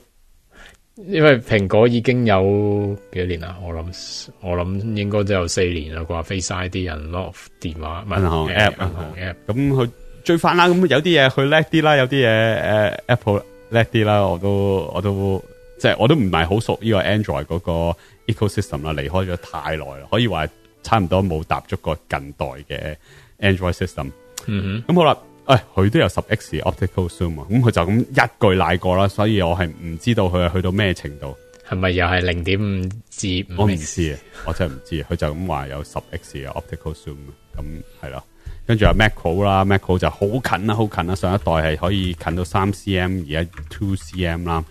Speaker 2: 因為蘋、嗯、果已經有幾年啦，我諗我諗應該都有四年啦。Face ID，晒啲人攞電話，唔係、嗯、app，唔、嗯、係、嗯嗯嗯嗯、app。
Speaker 1: 咁佢追翻啦，咁有啲嘢佢叻啲啦，有啲嘢誒，Apple 叻啲啦。我都我都即係、就是、我都唔係好熟呢個 Android 嗰個 ecosystem 啦，離開咗太耐啦，可以話差唔多冇踏足過近代嘅 Android system。嗯哼，咁好啦，誒、哎，佢都有十 X optical zoom 啊，咁佢就咁一句賴過啦，所以我係唔知道佢係去到咩程度，係咪又係零點五至？我唔知啊，我真係唔知啊，佢就咁話有十 X optical zoom 啊，咁係啦，跟住阿 Macro 啦，Macro 就好近啦，好近啦，上一代係可以近到三 cm，而家 two cm 啦，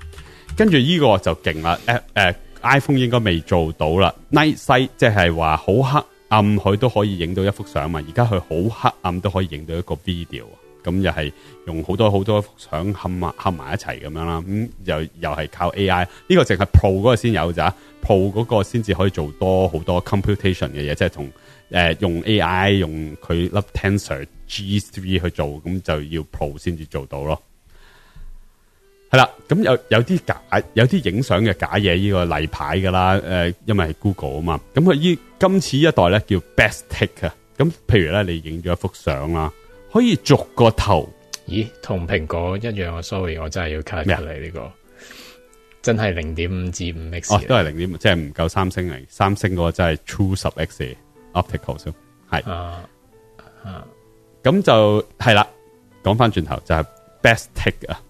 Speaker 1: 跟住呢個就勁啦，誒、呃、誒、呃、iPhone 應該未做到啦，Night Sight 即係話好黑。暗佢都可以影到一幅相嘛，而家佢好黑暗都可以影到一個 video，咁、嗯、又係用好多好多幅相嵌埋埋一齊咁樣啦，咁又又係靠 AI，呢個淨係 Pro 嗰個先有咋，Pro 嗰個先至可以做多好多 computation 嘅嘢，即係同誒用 AI 用佢粒 Tensor G 三去做，咁就要 Pro 先至做到咯。係啦，咁有有啲假，有啲影相嘅假嘢呢個例牌噶啦，誒，因為係 Google 啊嘛，咁佢依今次一代咧叫 Best Take 啊，咁譬如咧你影咗一幅相啦，可以逐個頭，咦，同蘋果一樣啊？Sorry，我真係要 cut 嚟呢個，真
Speaker 2: 係零點五至五 X，哦，都係
Speaker 1: 零點五，即係唔夠三星嚟，三星嘅話真係 True 十 X Optical 係啊，咁就係啦，講返轉頭就係 Best Take 啊。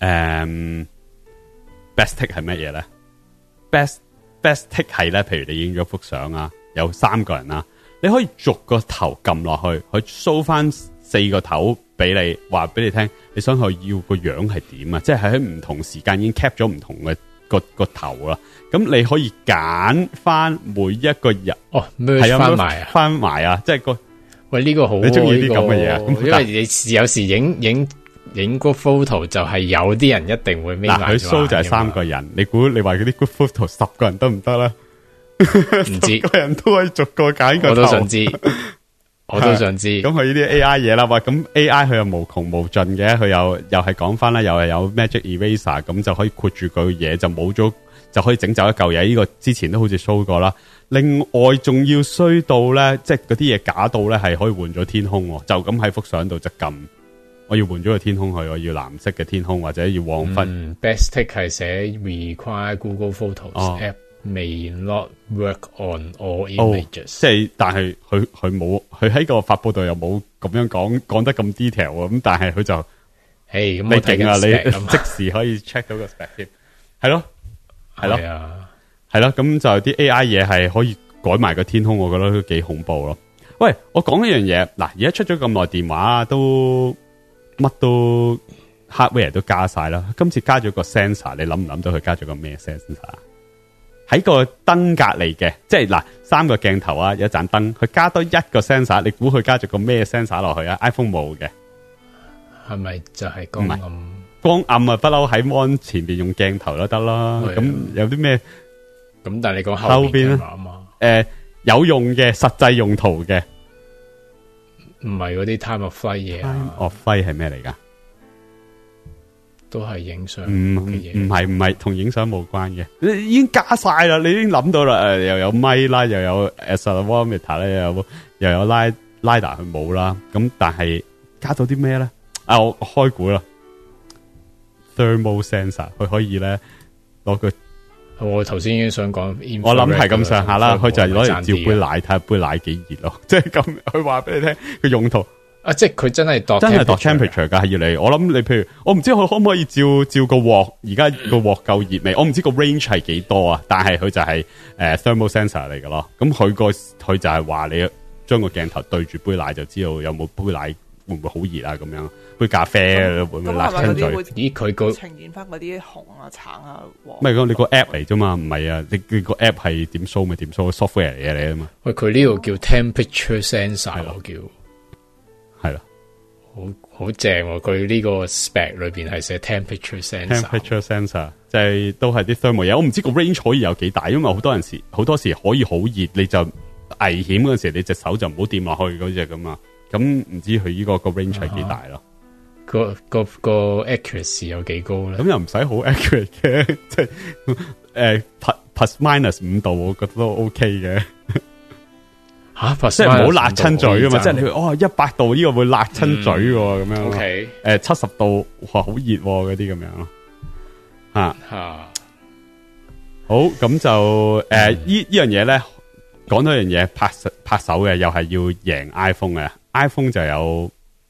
Speaker 1: 誒、um，best take 係乜嘢咧？best best take 係咧，譬如你影咗幅相啊，有三個人啊，你可以逐個頭撳落去，佢 show 翻四個頭俾你，話俾你聽，你想佢要個樣係點啊？即係喺唔同時間已經 cap 咗唔同嘅個個頭啦，咁你可以揀翻每一個人哦，係啊，翻埋啊，即、就、係、是那個喂呢、呢個好、啊，你中意啲咁嘅嘢啊、這
Speaker 2: 個但？因為你時有時影影。影個 photo 就係有啲人一定會咩？嗱，佢 show 就係三
Speaker 1: 個人，你估你話嗰啲 good photo 十個人得唔得咧？唔知個人都可以逐個揀個。我都想知，我都想知。咁佢呢啲 AI 嘢啦，咁 AI 佢又無窮無盡嘅，佢又又係講翻啦，又係有 magic eraser，咁就可以括住佢嘅嘢，就冇咗，就可以整走一嚿嘢。呢個之前都好似 show 過啦。另外仲要衰到咧，即係嗰啲嘢假到咧，係可以換咗天空，就咁喺幅相度就撳。我要換咗個天空去，我要藍色嘅天空或者要黃昏。Best take
Speaker 2: 係寫 require Google Photos app may not work on all images。
Speaker 1: 哦，即係但係佢，佢冇佢喺個發佈度又冇咁樣講，講得咁 detail 咁，但係佢就誒，你勁啊！你即時可以 check 到個 spec，係咯，係咯，係咯，咁就啲 AI 嘢係可以改埋個天空，我覺得都幾恐怖咯。喂，我講一樣嘢嗱，而家出咗咁耐電話都。乜都，hardware 都加晒啦，今次加咗個 sensor，你諗唔諗到佢加咗個咩 sensor？喺個燈隔籬嘅，即係嗱，三個鏡頭啊，有一盞燈，佢加多一個 sensor，
Speaker 2: 唔係嗰啲 time of flight 嘢
Speaker 1: 啊！哦，flight 係咩嚟㗎？
Speaker 2: 都係影
Speaker 1: 相嘅嘢，唔係唔係同影相冇關嘅。你已經加晒啦，你已經諗到啦。又有 mic 啦，又有 accelerometer 咧，有又有 lidar 佢冇啦。咁但係加到啲咩咧？啊，我開估啦，thermal sensor 佢可以咧攞個。
Speaker 2: 我頭先已經想講，我諗係咁上下啦，佢、那個、就係攞嚟照杯
Speaker 1: 奶睇下杯奶幾熱咯，即係咁佢話俾你聽佢用途啊，即係佢真係度，度真係度 temperature 噶、啊、要你我諗你譬如我唔知佢可唔可以照照個鑊，而家個鑊夠熱未？我唔知個 range 係幾多是他、就是呃、啊，但係佢就係誒 thermal sensor 嚟噶咯，咁佢個佢就係話你將個鏡頭對住杯奶就知道有冇杯奶會唔會好熱啊咁樣。杯咖啡啊，會唔會辣？佢個呈現
Speaker 3: 翻嗰啲紅啊、橙啊、黃
Speaker 1: 啊、唔係你個 app 嚟啫嘛，唔係啊，你個個 app 係點 show 咪點 show，software 嚟嘅嘛。喂，佢呢度叫 temperature sensor 咯、啊，我叫係啦、啊，好好正喎、啊。佢呢個 spec 裏面係寫 temperature sensor，temperature sensor、啊 temperature sensor 啊、就係、是、都係啲 thermal 嘢。我唔知個 range 可以有幾大，因為好多人時好多時可以好熱，你就危險嗰陣時，你隻手就唔好掂落去嗰隻咁嘛。咁唔知佢呢個個 range 係幾大咯？啊個個個 accuracy 有幾高咧？咁又唔使好 accurate 嘅，即係誒，plus plus minus 五度，我覺得都 OK 嘅。吓 plus 唔好辣親嘴啊嘛！即係你「哦，一百度呢個會辣親、嗯、嘴喎、啊！」咁樣。O K，誒，七、呃、十度好熱嗰啲咁樣咯、啊。好咁就誒，依、呃嗯、呢樣嘢咧，講多樣嘢拍拍手嘅，又係要贏 iPhone 嘅，iPhone 就有。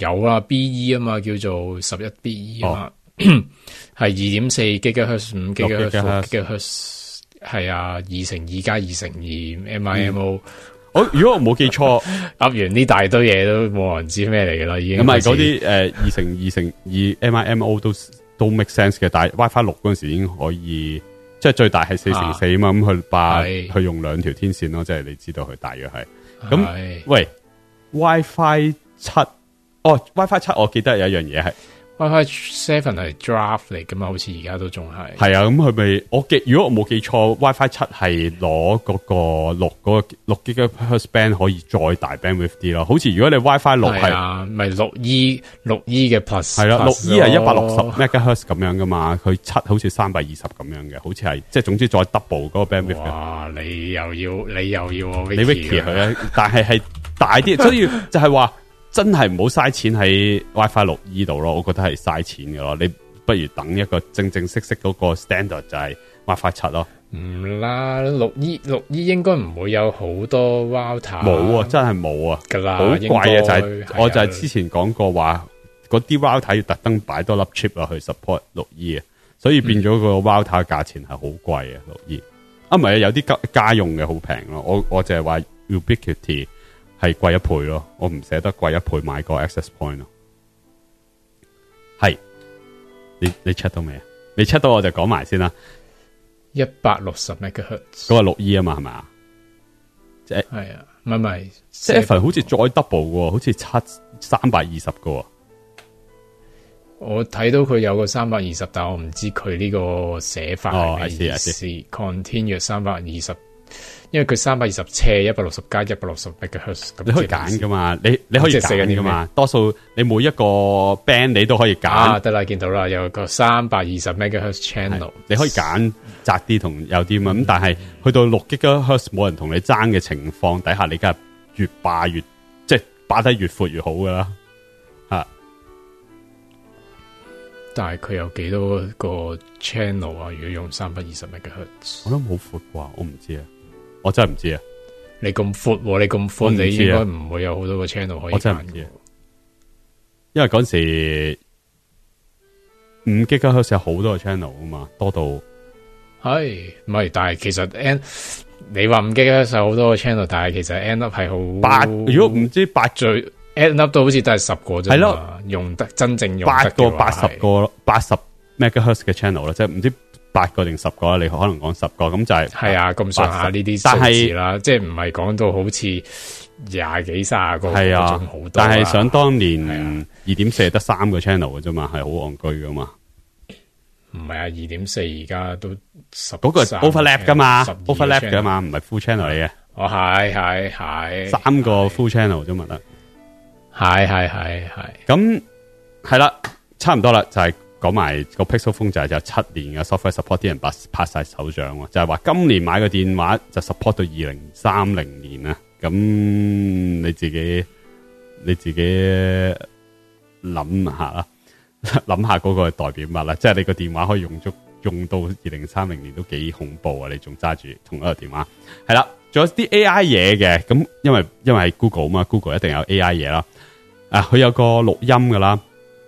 Speaker 2: 有啊，B E 啊嘛，叫做十一 B E 啊嘛，係二點四吉吉 h 茲，五吉吉 h 茲，係 啊，二乘二加二乘二 M I M O。我如果我冇記錯，噏 完呢大堆嘢都冇人知咩嚟噶啦，已經唔係嗰啲
Speaker 1: 誒二乘二乘二 M I M O 都都 make sense 嘅。但係 WiFi 六嗰陣時已經可以，即係最大係四乘四啊嘛。咁佢把佢用兩條天線咯，即係你知道佢大約係咁。喂，WiFi 七。哦、oh,，WiFi 七我記得有一樣嘢係
Speaker 2: WiFi seven 係 draft 嚟噶嘛，好似而家都仲係係
Speaker 1: 啊，咁佢咪我記如果我冇記錯，WiFi 七係攞嗰個六嗰個六 g 嘅 per band 可以再大 bandwidth 啲咯，好似如果你 WiFi 六係咪
Speaker 2: 六、啊、E 六 E 嘅 plus 係啦、啊，六 E 係一百六十
Speaker 1: megahertz 咁樣噶嘛，佢七好似三百二十咁樣嘅，好似係即係總之再 double 嗰個 bandwidth。哇、那個，你又要你又要我，你 Vicky 佢 但係係大啲，所以就係話。真係唔好嘥錢喺 WiFi 六 E 度咯，我覺得係嘥錢嘅咯。你不如等一個正正式式嗰個 standard 就係 WiFi 七咯。
Speaker 2: 唔、嗯、啦，六 E 六 E 應該唔會有好多 router 冇啊，
Speaker 1: 真係冇啊，噶啦，好貴啊！就係、是、我就係之前講過話，嗰啲 router 要特登擺多粒 chip 去 support 六 E 啊，所以變咗個 router 價錢係好貴 6E 啊，六 E。啊，唔係有啲家家用嘅好平咯。我我就係話 Ubiquiti 係貴一倍咯，我唔捨得貴一倍買個 access point 咯。係，你你 check 到未啊？你 check 到,到我就講埋先啦。
Speaker 2: 一百六十 megahertz，
Speaker 1: 嗰個 6E 啊嘛係咪？
Speaker 2: 即係係啊，
Speaker 1: 唔係唔係 Seven 好似再 double 嘅，好似七三百二十個。
Speaker 2: 我睇到佢有個三百二十，但係我唔知佢呢個寫法係乜意思。係係 continue 三百二十。因為佢三百二十車一百六十加一百六十 mega hertz，你可以揀噶
Speaker 1: 嘛？你你可以揀啲噶嘛？多數你每一個 band 你都可以揀得啦，見到啦，有個三百二十 mega hertz channel，你可以揀窄啲同有啲嘛？咁、嗯、但係、嗯、去到六 giga hertz 冇人同你爭嘅情況底下，你梗係越霸越即係霸得越闊越好噶啦啊！但係佢有幾多個
Speaker 2: channel 啊？如果用三百二十 mega hertz，我覺得好闊啩，我唔知啊。我真係唔知啊！你咁闊、啊，你咁闊、啊啊，你應該唔會有好多個 channel 可以。我真
Speaker 1: 係唔知、啊，因為嗰時 5GHz 有好多個 channel 啊嘛，多到
Speaker 2: 係唔係？但係其實 end 你話 5GHz 有好多個 channel，但係其實 end up 係好八。如果唔知八最 end up 都好似都係十個啫嘛，用
Speaker 1: 得真正用得多八十個、八十 megahertz 嘅 channel 啦，即係唔知。八個定十個啊，你可能講十個咁就係係啊咁上下呢啲數字啦，即係唔係講到好似廿幾卅個係啊，但係想當年二點四得三個 channel 嘅啫嘛，係好戇居噶嘛。
Speaker 2: 唔係啊，二點四而家都十嗰個 overlap 噶嘛，overlap 噶嘛，
Speaker 1: 唔係 full channel 嚟嘅。
Speaker 2: 哦係係係三
Speaker 1: 個 full channel 啫嘛，得係係係係咁係啦，差唔多啦，就係。講埋個 Pixel Phone 就係就七年嘅 software support，啲人拍晒手掌，就係話今年買個電話就 support 到二零三零年啦，咁你自己你自己諗下啦，諗下嗰個代表乜啦？即係你個電話可以用足用到二零三零年都幾恐怖啊！你仲揸住同一個電話，係啦，仲有啲 AI 嘢嘅，咁因為因為 Google 啊嘛，Google 一定有 AI 嘢啦，啊，佢有個錄音噶啦。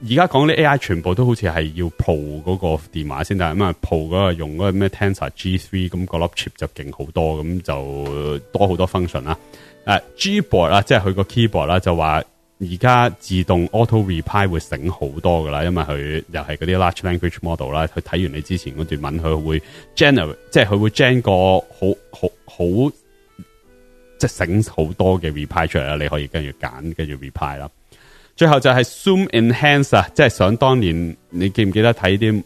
Speaker 1: 而家講啲 AI 全部都好似係要 Pro 嗰個電話先，但係咁啊，Pro 嗰個用嗰個咩 Tensor G3 咁個粒 chip 就勁好多，咁就多好多 function 啦。Uh, Gboard 啦、啊，即係佢個 keyboard 啦、啊，就話而家自動 auto reply 會醒好多噶啦，因為佢又係嗰啲 large language model 啦，佢睇完你之前嗰段文，佢會 generate，即係佢會 generate 個好好好即係醒好多嘅 reply 出嚟啦，你可以跟住揀跟住 reply 啦。最後就係 zoom enhance 啊，即係想當年你記唔記得睇啲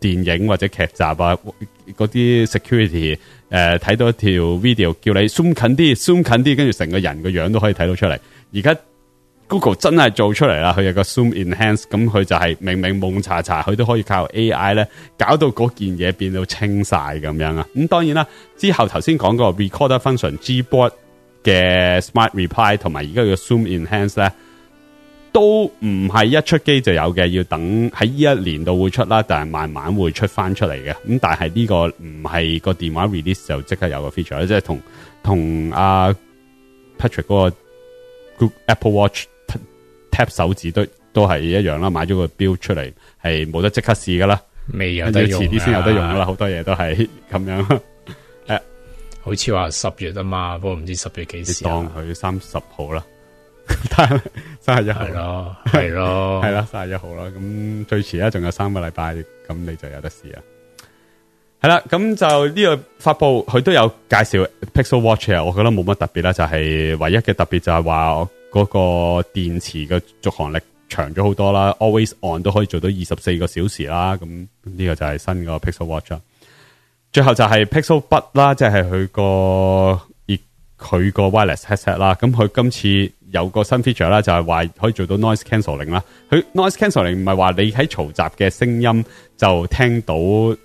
Speaker 1: 電影或者劇集啊，嗰啲 security 誒、呃、睇到一條 video 叫你 zoom 近啲 zoom 近啲，跟住成個人個樣都可以睇到出嚟。而家 Google 真係做出嚟啦，佢有個 zoom enhance，咁佢就係明明蒙查查，佢都可以靠 AI 咧搞到嗰件嘢變到清晒咁樣啊。咁、嗯、當然啦，之後頭先講個 recorder function Gboard 嘅 smart reply 同埋而家個 zoom enhance 咧。都唔係一出機就有嘅，要等喺呢一年度會出啦，但係慢慢會出翻出嚟嘅。咁但係呢個唔係個電話 release 就即刻有個 feature，即係同同阿 Patrick 嗰個、Google、Apple Watch tap 手指都都係一樣啦，買咗個錶出嚟係冇得即刻試噶啦，未有得用啊！遲啲先有得用啦，好、啊，多嘢都係咁樣。誒、
Speaker 2: 啊，好似話十月啊嘛，不過唔知十月幾時、啊當，
Speaker 1: 當佢三十號啦。三 三十一號咯，係咯，係 啦，三十一號啦。咁最遲咧，仲有三個禮拜，咁你就有得試啦。係啦，咁就呢個發佈佢都有介紹 Pixel Watch 呀。我覺得冇乜特別啦，就係、係、唯一嘅特別就係話嗰個電池嘅續航力長咗好多啦，Always On 都可以做到二十四個小時啦。咁呢個就係新嘅 Pixel Watch。最後就係 Pixel Bud 啦，即係佢個佢個 Wireless Headset 啦。咁佢今次。有個新 feature 啦，就係話可以做到 noise cancelling 啦。佢 noise cancelling 唔係話你喺嘈雜嘅聲音就聽到誒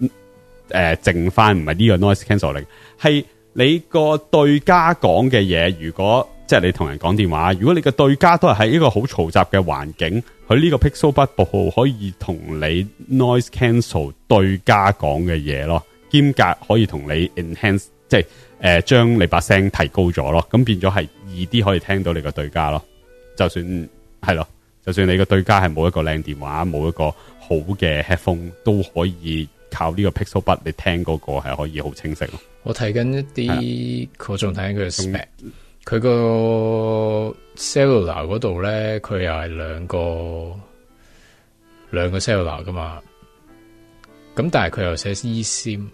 Speaker 1: 靜返，唔係呢個 noise cancelling 係你個對家講嘅嘢。如果即係你同人講電話，如果你嘅對家都係喺一個好嘈雜嘅環境，佢呢個 Pixel Buds 可以同你 noise cancel 對家講嘅嘢咯，兼夾可以同你 enhance，即係誒、呃、將你把聲提高咗咯。咁變咗係。易啲可以聽到你個對家咯，就算係咯，就算你個對家係冇一個靚電話，冇一個好嘅 headphone，都可以靠呢個 Pixel bud，你聽嗰個係可以好清晰咯。
Speaker 2: 我睇緊一啲，我仲睇緊佢嘅 spec，佢個 cellular 嗰度咧，佢又係兩個兩個 cellular 噶嘛，咁但係佢又寫 eSIM，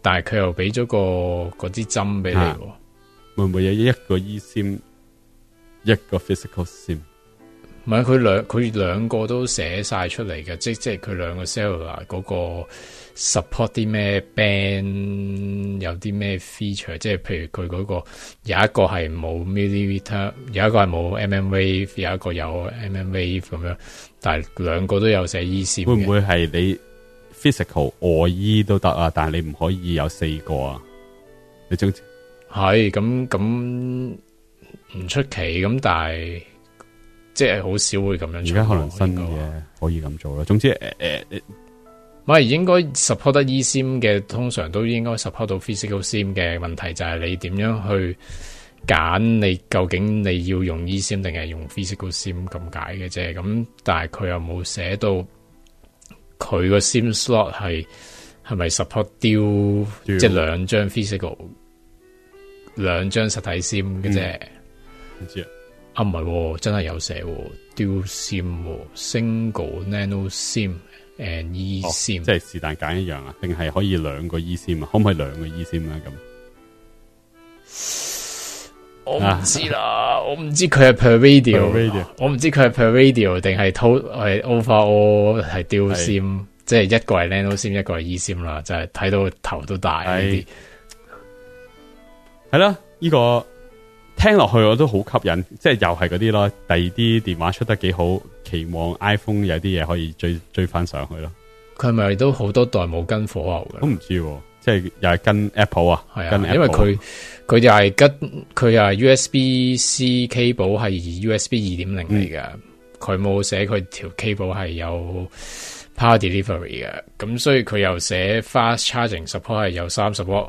Speaker 2: 但係佢又俾咗個嗰支針俾你喎。
Speaker 1: 會唔會有一個 E sim 一個 physical sim？
Speaker 2: 唔係佢兩佢兩個都寫晒出嚟嘅，即即係佢兩個 cellular 嗰個 support 啲咩 band，有啲咩 feature，即係譬如佢嗰、那個有一個係冇 mini v t a 有一個係冇 mmWave，e 有一個有 mmWave e 咁樣，
Speaker 1: 但係兩個都有寫 E sim 會唔會係你 physical 外衣、e、都得啊？但係你唔可以有四個啊？你係咁咁
Speaker 2: 唔出奇咁，但係即係好少會咁樣。而家可能新
Speaker 1: 嘅嘢可以咁做啦。總之，誒、呃、誒，
Speaker 2: 唔、呃、係應該 support 得 e sim 嘅，通常都應該 support 到 physical sim 嘅。問題就係、是、你點樣去揀？你究竟你要用 e sim 定係用 physical sim 咁解嘅啫？咁但係佢又冇寫到佢個 sim slot 係係咪 support 掉即係兩張 physical？兩張實體 SIM 嘅啫，唔知啊，啊唔係，真係有寫 Dual SIM、
Speaker 1: Single Nano Sim，And E Sim，and、哦、即係是但揀一樣啊，定係可以兩個 E Sim 啊？可唔可以兩個 E Sim 啊？咁
Speaker 2: 我唔知啦，我唔知佢係 per radio，我唔知佢係 per radio 定係 total 係 over，all 係 Dual SIM，即係一個係 Nano Sim，一個係 E Sim 啦，就係睇
Speaker 1: 到頭都大。係啦，啊，呢、這個聽落去我都好吸引，即係又係嗰啲咯。第二啲電話出得幾好，期望 iPhone 有啲嘢，可以追追翻上去咯。佢係咪都好多代冇跟火牛嘅？都唔知
Speaker 2: 道，啊，即係又係跟 Apple 啊？係啊，因為佢佢又係跟佢又啊 USB C cable 係 USB 二點零嚟嘅，佢冇寫佢條 cable 係有 power delivery 嘅，咁所以佢又寫 fast charging support 係有三十瓦。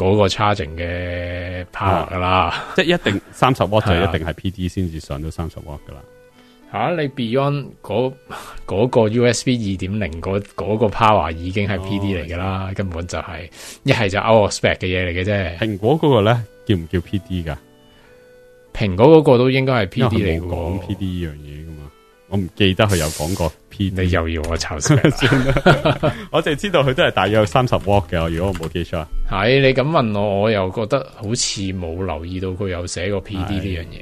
Speaker 1: 嗰、那個 charging 嘅 power 噶、啊、啦，啊、即係一定三十 w，就一定係 PD 先至上到三十 w 噶啦、啊。
Speaker 2: 吓，你 Beyond 嗰個、那個 USB 二點零嗰個個 power 已經係 PD 嚟噶啦、哦，根本就係一係就 out spec 嘅嘢嚟嘅啫。蘋果嗰個咧
Speaker 1: 叫唔叫 PD 噶？蘋果嗰個都應該係 PD 嚟嘅。講 PD 呢樣嘢噶嘛？我唔記得佢有講過。 P，你又要我查先？ 算了 我淨係知道佢都係大約三十 work 嘅。 如果
Speaker 2: 我冇記錯，係你咁問我，我又覺得好似冇留意到佢有寫過 P. D 呢樣嘢。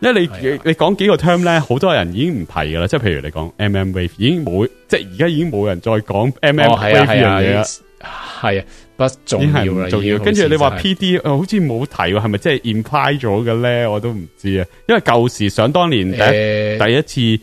Speaker 2: 因
Speaker 1: 為你你講幾個 term 咧，好多人已經唔提噶啦。即係譬如你講 M. M. Wave 已經冇，即係而家已經冇人再講 M. M. Wave 呢樣嘢啦。係啊，不重要啦，重要。跟住你話 P. D，好似冇提喎，係咪即係 imply 咗嘅咧？我都唔知啊。因為舊時，想當年第一、欸、第一次。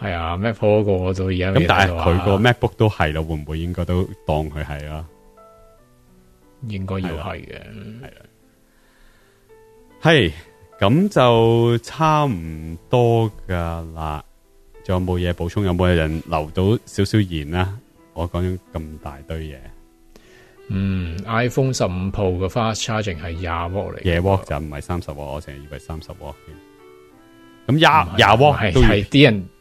Speaker 2: 係啊，MacBook
Speaker 1: 嗰個我都而家咁，但係佢個 MacBook 都係啦，會唔會應該都當佢係啊？應該要係嘅，係啦、啊。係咁就差唔多噶啦，仲有冇嘢補充？有冇人留到少少言啊？我講咁大堆嘢。嗯
Speaker 2: ，iPhone 十五 Pro 嘅 Fast Charging 係廿 W 嚟嘅，廿
Speaker 1: 瓦就唔係三十瓦，我成
Speaker 2: 日以為三十瓦。
Speaker 1: 咁廿廿瓦係係啲人。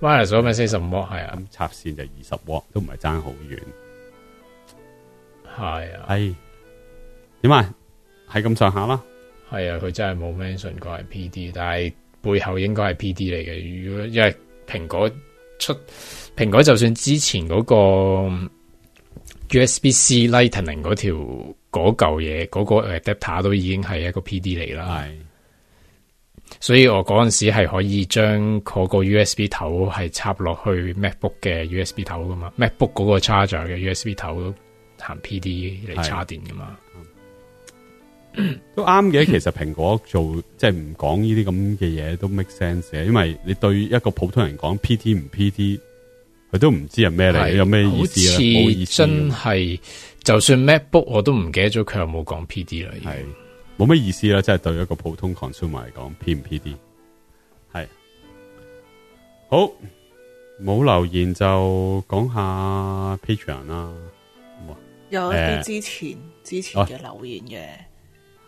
Speaker 1: Wire 所咪先十五瓦係啊，咁插線就二十瓦，都唔係爭好遠。係啊，點啊？係咁上下啦。
Speaker 2: 係啊，佢真係冇 mention 過係 P D，但係背後應該係 P D 嚟嘅。如果因為蘋果出蘋果，就算之前嗰個 U S B C Lightning 嗰條嗰嚿嘢，嗰、嗰個誒 adapter 都已經係一個 P D 嚟啦。係。所以我嗰陣時係可以將嗰個 USB 頭係插落去 MacBook 嘅 USB 頭噶嘛，MacBook 嗰個 charger 嘅 USB 頭都行 PD 嚟插電噶嘛，嗯，
Speaker 1: 都啱嘅。 其實蘋果做即係唔講呢啲咁嘅嘢都 make sense 嘅，因為你對一個普通人講 PD 唔 PD，佢都唔知係咩嚟，有咩意思啊？冇意思。
Speaker 2: 真係，就算 MacBook 我都唔記得咗佢有冇講 PD 啦。冇咩意
Speaker 1: 思啦，即係對一個普通 consumer 嚟講，P 唔 P D，係，好，冇留言就講下 Patreon 啦，有啲之
Speaker 3: 前、欸、之前嘅留言嘅，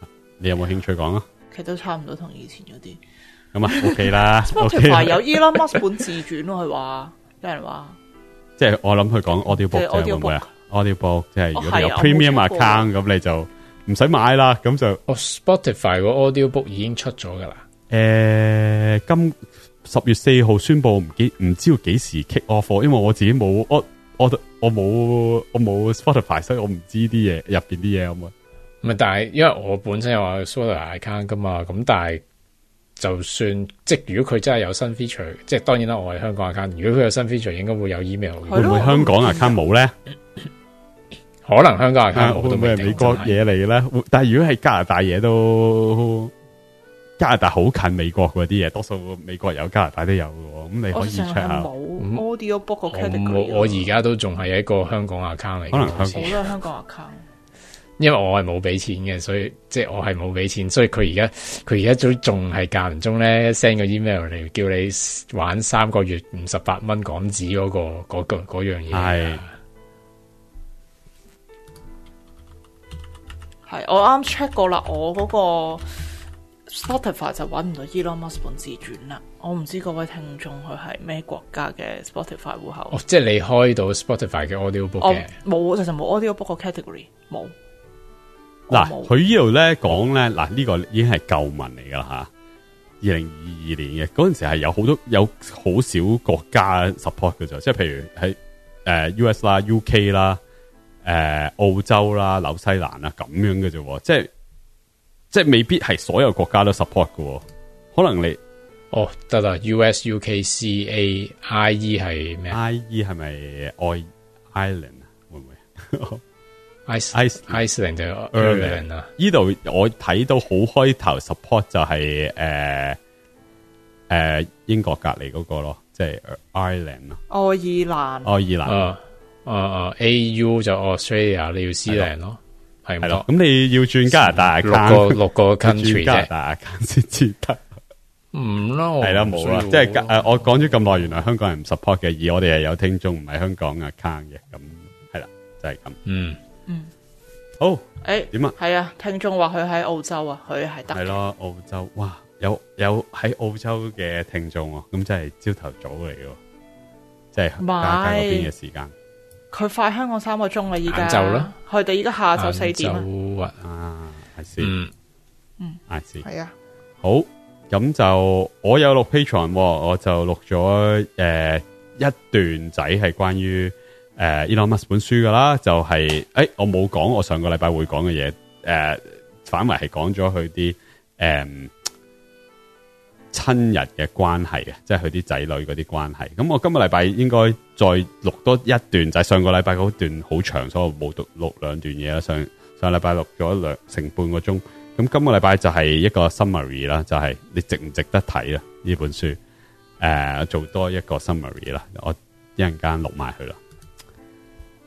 Speaker 3: 哦，
Speaker 1: 你有冇興趣講啊？其
Speaker 3: 實都差唔多同以前嗰啲，
Speaker 1: 咁啊 OK 啦，不過同埋有
Speaker 3: Elon Musk 本自傳咯，佢話有人話，
Speaker 1: 即係我諗佢講 audio book 會唔會啊？audio book 即係如果有 premium、哦啊、account 咁、啊、你就。唔使買啦，咁就。哦、oh，Spotify 個 Audio Book 已經出咗噶啦。誒、呃，今十月四號宣布唔幾唔知幾時 kick off，因為我自己冇我我我冇我冇 Spotify，所以我唔知啲嘢入邊啲嘢有冇。
Speaker 2: 唔係，但係因為我本身有啊 Spotify account 噶嘛，咁但係就算即係如果佢真係有新 feature，即係當然啦，我係香港 account。如果佢有新 feature，應該會有 email。會唔會香港 account 冇
Speaker 1: 咧？嗯可能香港 account，唔係美國嘢嚟咧。但係如果係加拿大嘢都，加拿大好近美國嗰啲嘢，多數美國有，加拿大都有
Speaker 2: 嘅。咁你可以 check 下。我冇
Speaker 3: audio book
Speaker 2: 我而家都仲係一個香港 account 嚟，可能好多
Speaker 3: 香港 account。
Speaker 2: 因為我係冇俾錢嘅，所以即係、就是、我係冇俾錢，所以佢而家佢而家都仲係間唔中咧 send 個 email 嚟叫你玩三個月五十八蚊港紙嗰、那個嗰個樣嘢。
Speaker 3: 係，我啱 check 過啦，我嗰個 Spotify 就揾唔到 Elon Musk 本自傳啦。我唔知道各位聽眾佢係咩國家嘅 Spotify 戶口。
Speaker 2: 哦、即係你開到 Spotify 嘅 audio book、哦。嘅？
Speaker 3: 冇，其實冇 audio book 個 category 冇。
Speaker 1: 嗱，佢呢度咧講咧，嗱呢、這個已經係舊聞嚟噶啦吓。二零二二年嘅嗰陣時係有好多有好少國家 support 嘅咋，即係譬如喺誒、呃、U S 啦、U K 啦。誒、呃，澳洲啦、紐西蘭啦，咁樣嘅啫、喔，即係即係未必係所有國家都 support 喎、喔。可能你哦得啦，U S U K C A I E 係咩？I E 係咪愛 Ireland 會唔會 ？Ice Iceland 嘅 Ireland 啊？呢度我睇到好開頭 support 就係誒誒英國隔籬嗰個咯，即係 Ireland、哦、
Speaker 3: 啊，愛爾蘭，
Speaker 1: 愛爾蘭。誒、uh, AU
Speaker 2: 就 Australia 你要司令咯，係係咯，
Speaker 1: 咁、嗯嗯、你要轉加拿大六個六個 country 先至得。唔啦，係啦冇啦，即係誒我講咗咁耐，原來香港人唔 support 嘅，而我哋係有聽眾唔係香港嘅 account 嘅，咁係啦，就係、是、咁，嗯
Speaker 3: 嗯，
Speaker 1: 好，誒點啊？
Speaker 3: 係啊、哎，聽眾話佢喺澳洲啊，佢係得係
Speaker 1: 咯，澳洲哇，有有喺澳洲嘅聽眾，咁真係朝頭早嚟喎，即係加加嗰邊嘅時間。
Speaker 3: 佢快香港三個鐘啦，依家晏啦，佢哋依家下晝四點啦。周
Speaker 1: 啊，阿、啊、志，嗯嗯，阿
Speaker 3: 志、
Speaker 1: 嗯，係啊，好，咁就我有錄 Patreon，我就錄咗誒一段仔係係關於誒 Elon Musk 本書噶啦，就係、是、誒、欸、我冇講我上個禮拜會講嘅嘢，誒、呃、反為係講咗佢啲誒。呃親人嘅關係，即係佢啲仔女嗰啲關係。咁我今個禮拜應該再錄多一段，就係、是、上個禮拜嗰段好長，所以我冇讀錄兩段嘢啦。上上禮拜錄咗兩成半個鐘，咁今個禮拜就係一個 summary 啦，就係你值唔值得睇啦呢本書？誒、呃，我做多一個 summary 啦，我一陣間錄埋佢啦。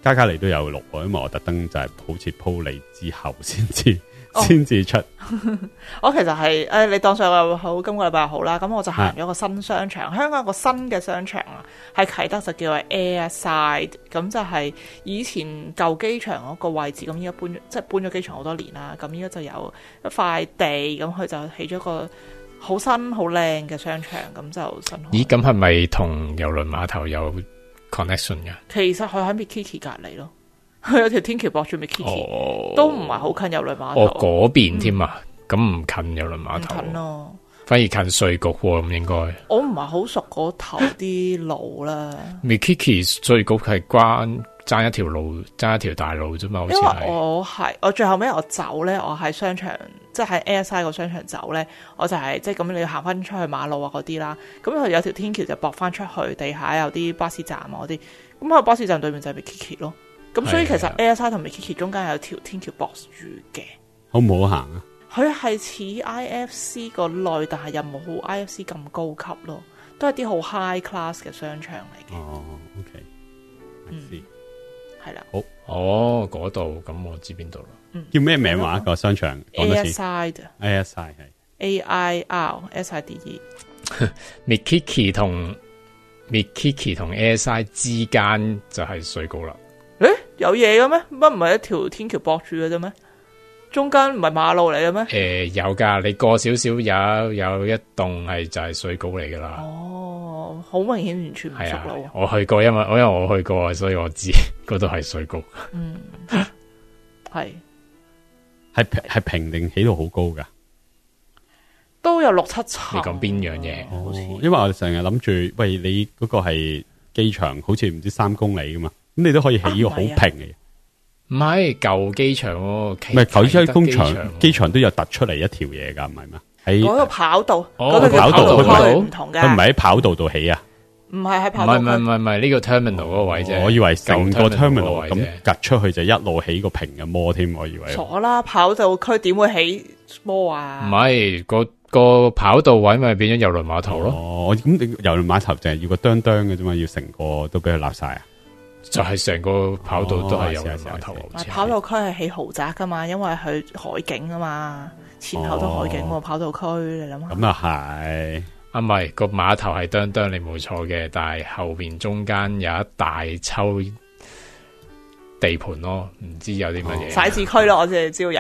Speaker 1: 嘉嘉你都有錄，因為我特登就係鋪設鋪嚟之後先知。先至出、oh，
Speaker 3: 我其實係誒、哎，你當上個好，今個禮拜好啦，咁我就行咗個新商場，啊、香港有一個新嘅商場啊，喺啟德就叫做 Airside，咁就係以前舊機場嗰個位置，咁依家搬即係搬咗機場好多年啦，咁依家就有一塊地，咁佢就起咗個好新好靚嘅商場，咁就新。
Speaker 2: 咦，咁係咪同郵輪碼頭有 connection 噶？
Speaker 3: 其實佢喺 Mikiki 隔籬咯。佢 有條天橋駁住咪 Kiki，都唔係好近郵輪碼頭。哦，
Speaker 2: 嗰邊添啊，咁、嗯、唔近郵輪碼頭。唔近咯，反而近稅局咁、啊、應該。
Speaker 3: 我唔係好熟嗰頭啲路啦。
Speaker 2: 咪 Kiki 稅局係關爭一條路，爭一條大路啫嘛。好似
Speaker 3: 我係我最後尾我走咧，我喺商場即係喺 A. S. I 個商場走咧，我就係、是、即係咁你要行翻出去馬路啊嗰啲啦。咁有條天橋就駁翻出去，地下有啲巴士站啊嗰啲。咁喺巴士站對面就係咪 Kiki 咯。咁所以其實 Airside 同 Mikiki 中間有條天橋駁住嘅，
Speaker 1: 好唔好行啊？
Speaker 3: 佢係似 I F C 個類，但係又冇 I F C 咁高級咯，都係啲好 high class 嘅商場嚟
Speaker 1: 嘅。哦，OK，嗯，係啦。好，哦，嗰度咁我知邊度啦。嗯，叫咩名話個商場
Speaker 3: ？Airside，Airside 係 A I R S I D
Speaker 2: E，Mikiki 同 Mikiki 同 Airside 之間就係水高啦。
Speaker 3: 有嘢嘅咩？乜唔係一條天橋駁住嘅啫咩？中間唔係馬路嚟嘅咩？誒、呃，有
Speaker 2: 噶，你過少少有有一棟係就係、是、水高嚟噶啦。
Speaker 3: 哦，好明顯完全唔熟咯、啊。我去
Speaker 2: 過，因為因為我去過，所以我知嗰度係水高。嗯，
Speaker 3: 係
Speaker 1: 係係平定起到好高噶，
Speaker 3: 都有六七層。你講邊樣嘢？好似。
Speaker 1: 因為，我成日諗住，喂，你嗰個係機場，好似唔知三公里噶嘛？咁你都可以起個好平嘅嘢，
Speaker 2: 唔係舊機場，唔係舊即係工場
Speaker 1: 機場都有突出嚟一條嘢噶，唔係咩？喺
Speaker 2: 嗰、哦嗰個
Speaker 3: 跑道，嗰個跑道唔同嘅，佢唔係喺
Speaker 1: 跑道度起啊，
Speaker 3: 唔係喺跑道，
Speaker 1: 唔係唔係呢個 terminal 嗰個位啫、哦，我以為成個 terminal 個位咁凸出去就一路起個平嘅摩添，我以為。坐
Speaker 3: 啦，跑道區點會起摩啊？唔
Speaker 1: 係、嗰個、嗰個跑道位咪變咗遊輪碼頭咯？咁你遊輪碼頭就係要個墩墩嘅啫嘛，要成個都俾佢立晒啊！就係、是、成個跑道都係有個碼
Speaker 3: 頭、哦是是是是啊，跑道區係起豪宅噶嘛，因為佢海景啊嘛，前後都是海景喎、哦、跑道區你諗下，
Speaker 2: 咁啊係，啊唔係、個碼頭係當當你冇錯嘅，但係後邊中間有一大抽地盤咯，唔知有啲乜嘢，寫字
Speaker 3: 樓區咯，我哋知有，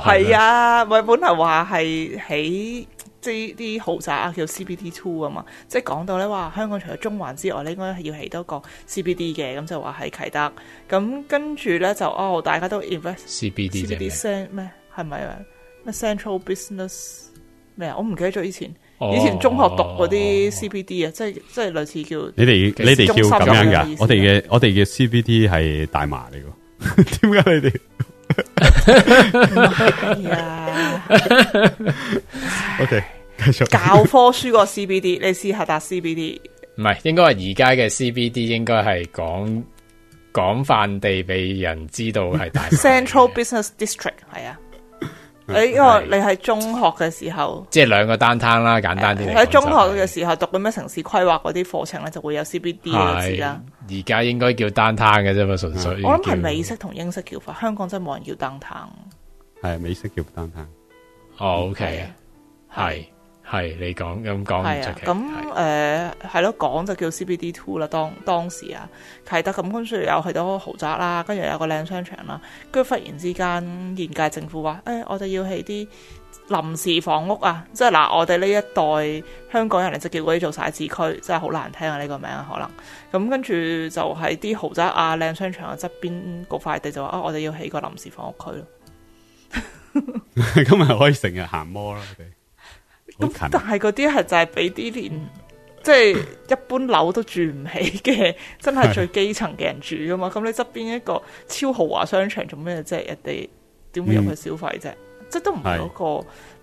Speaker 2: 係
Speaker 3: 啊，咪本嚟話係起。啲啲豪宅啊，叫 CBD Two 啊嘛，即係講到咧，哇！香港除咗中環之外咧，應該係要起多個 CBD 嘅，咁就話係啟德。咁跟住咧就哦，大家都 invest CBD CBD 咩？係咪啊？咩 Central Business 咩啊？我唔記得咗以前，oh. 以前中學讀嗰啲 CBD 啊，oh. 即係即係類似叫你哋你哋叫咁樣噶。我哋
Speaker 1: 嘅我哋嘅 CBD 係大麻嚟噶，點解你哋？
Speaker 3: 哎呀，OK。 教科書個 CBD，你試下答 CBD。
Speaker 2: 唔係，應該係而家嘅 CBD，應該係講廣泛地俾人知道係大
Speaker 3: Central Business District。係啊，
Speaker 2: 你因為
Speaker 3: 你喺中學嘅時候，
Speaker 2: 即係兩個 downtown 啦，簡單啲嚟，就是。喺中
Speaker 3: 學嘅時候讀緊咩城市規劃嗰啲課程咧，就會有 CBD 嗰啦。現在該
Speaker 2: 而家應該叫 downtown 嘅啫嘛，純粹、啊。我諗係美
Speaker 3: 式同英式叫法，香港真係冇人叫 downtown。
Speaker 2: 係美式叫 downtown 哦 OK 係。Oh, okay, 是是係你講咁講咁
Speaker 3: 誒係咯，講、啊呃、就叫 CBD Two 啦。當當時啊，啟德咁，跟住又去到豪宅啦，跟住有個靚商場啦，跟住忽然之間，現屆政府話誒、欸，我哋要起啲臨時房屋啊，即係嗱、啊，我哋呢一代香港人嚟，就叫嗰啲做徙置區，真係好難聽啊！呢、這個名可能咁，跟住就喺啲豪宅啊、靚商場嘅側邊嗰塊地就，就話啊，我哋要起個臨時房屋區
Speaker 1: 咯。 今日可以成日行摩。啦。咁
Speaker 3: 但係嗰啲係就係俾啲連即係一般樓都住唔起嘅，真係最基層嘅人住噶嘛？咁你側邊一個超豪華商場做咩即啫？人哋點會入去消費啫、嗯？即係都唔係一個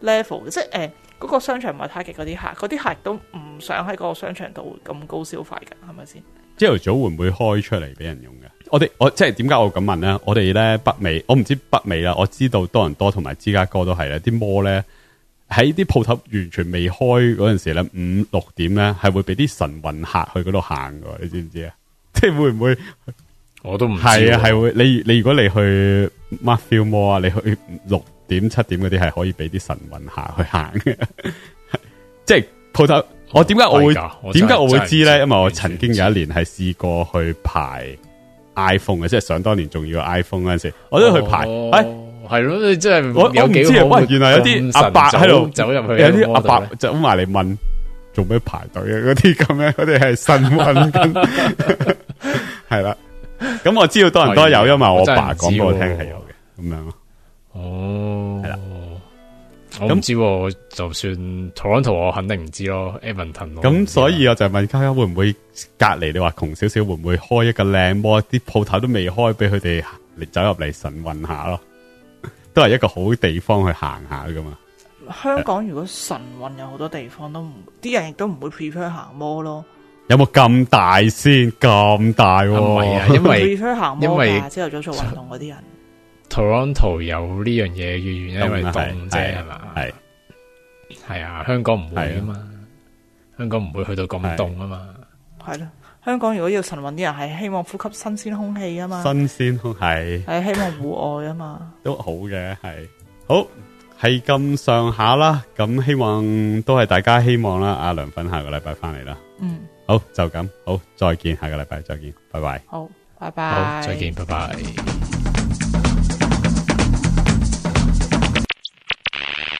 Speaker 3: level 嘅，係即係誒嗰個商場唔係太極嗰啲客，嗰啲客都唔想喺個商場度咁高消費噶，係咪先？
Speaker 1: 朝頭早會唔會開出嚟俾人用噶？我哋我即係點解我咁問咧？我哋咧北美，我唔知道北美啦，我知道多倫多同埋芝加哥都係啦，啲摩咧。喺啲鋪頭完全未開嗰陣時咧，五六點咧係會俾啲晨運客去嗰度行㗎，你知唔知啊？即係會唔會？我都唔係啊，係會你你如果你去 Mark Field Mall 啊，你去六點七點嗰啲係可以俾啲晨運客去行嘅。 即係鋪頭，我點解我會點解我會知咧？因為我曾經有一年係試過去排 iPhone 嘅，即、就、係、是、想當年仲要的 iPhone 嗰陣時，我都去排。哦欸係咯，即係我我唔知啊。喂，原來有啲阿伯喺度走入去，有啲阿伯就埋嚟，問做咩排隊嘅嗰啲咁樣，嗰啲係神運，係 啦。 咁我知道多人都有，因為我爸講俾我聽係有嘅，咁樣咯。哦，
Speaker 2: 係啦，我唔知，就算 Toronto 我肯定唔知咯。Edmonton
Speaker 1: 咁，所以我就問嘉嘉會唔會隔籬你話窮少少，會唔會開一個靚模，啲鋪頭都未開，俾佢哋走入嚟神運下咯。都係一個好地方去行下㗎嘛？
Speaker 3: 香港如果神運有好多地方都唔，啲人亦都唔會 prefer 行魔咯。
Speaker 1: 有冇咁大先？咁大唔、啊、係啊，因為， 為 prefer 行魔？因為之
Speaker 3: 後再做運動嗰啲人。
Speaker 1: Toronto 有呢樣
Speaker 2: 嘢，原因因為凍啫，係嘛？係係啊，香港唔會啊嘛，香港唔會去到咁凍啊嘛。
Speaker 3: 係咯。香港如果要晨運，啲人係希望呼吸新鮮空氣啊嘛，新鮮空氣係希望戶外啊嘛，都
Speaker 1: 好嘅，係好係咁上下啦。咁希望都係大家希望啦。阿、啊、梁芬下個禮拜翻嚟啦。嗯，好就咁。好，再見，下個禮拜再見，拜拜。
Speaker 3: 好，拜
Speaker 2: 拜，好，再見，拜拜。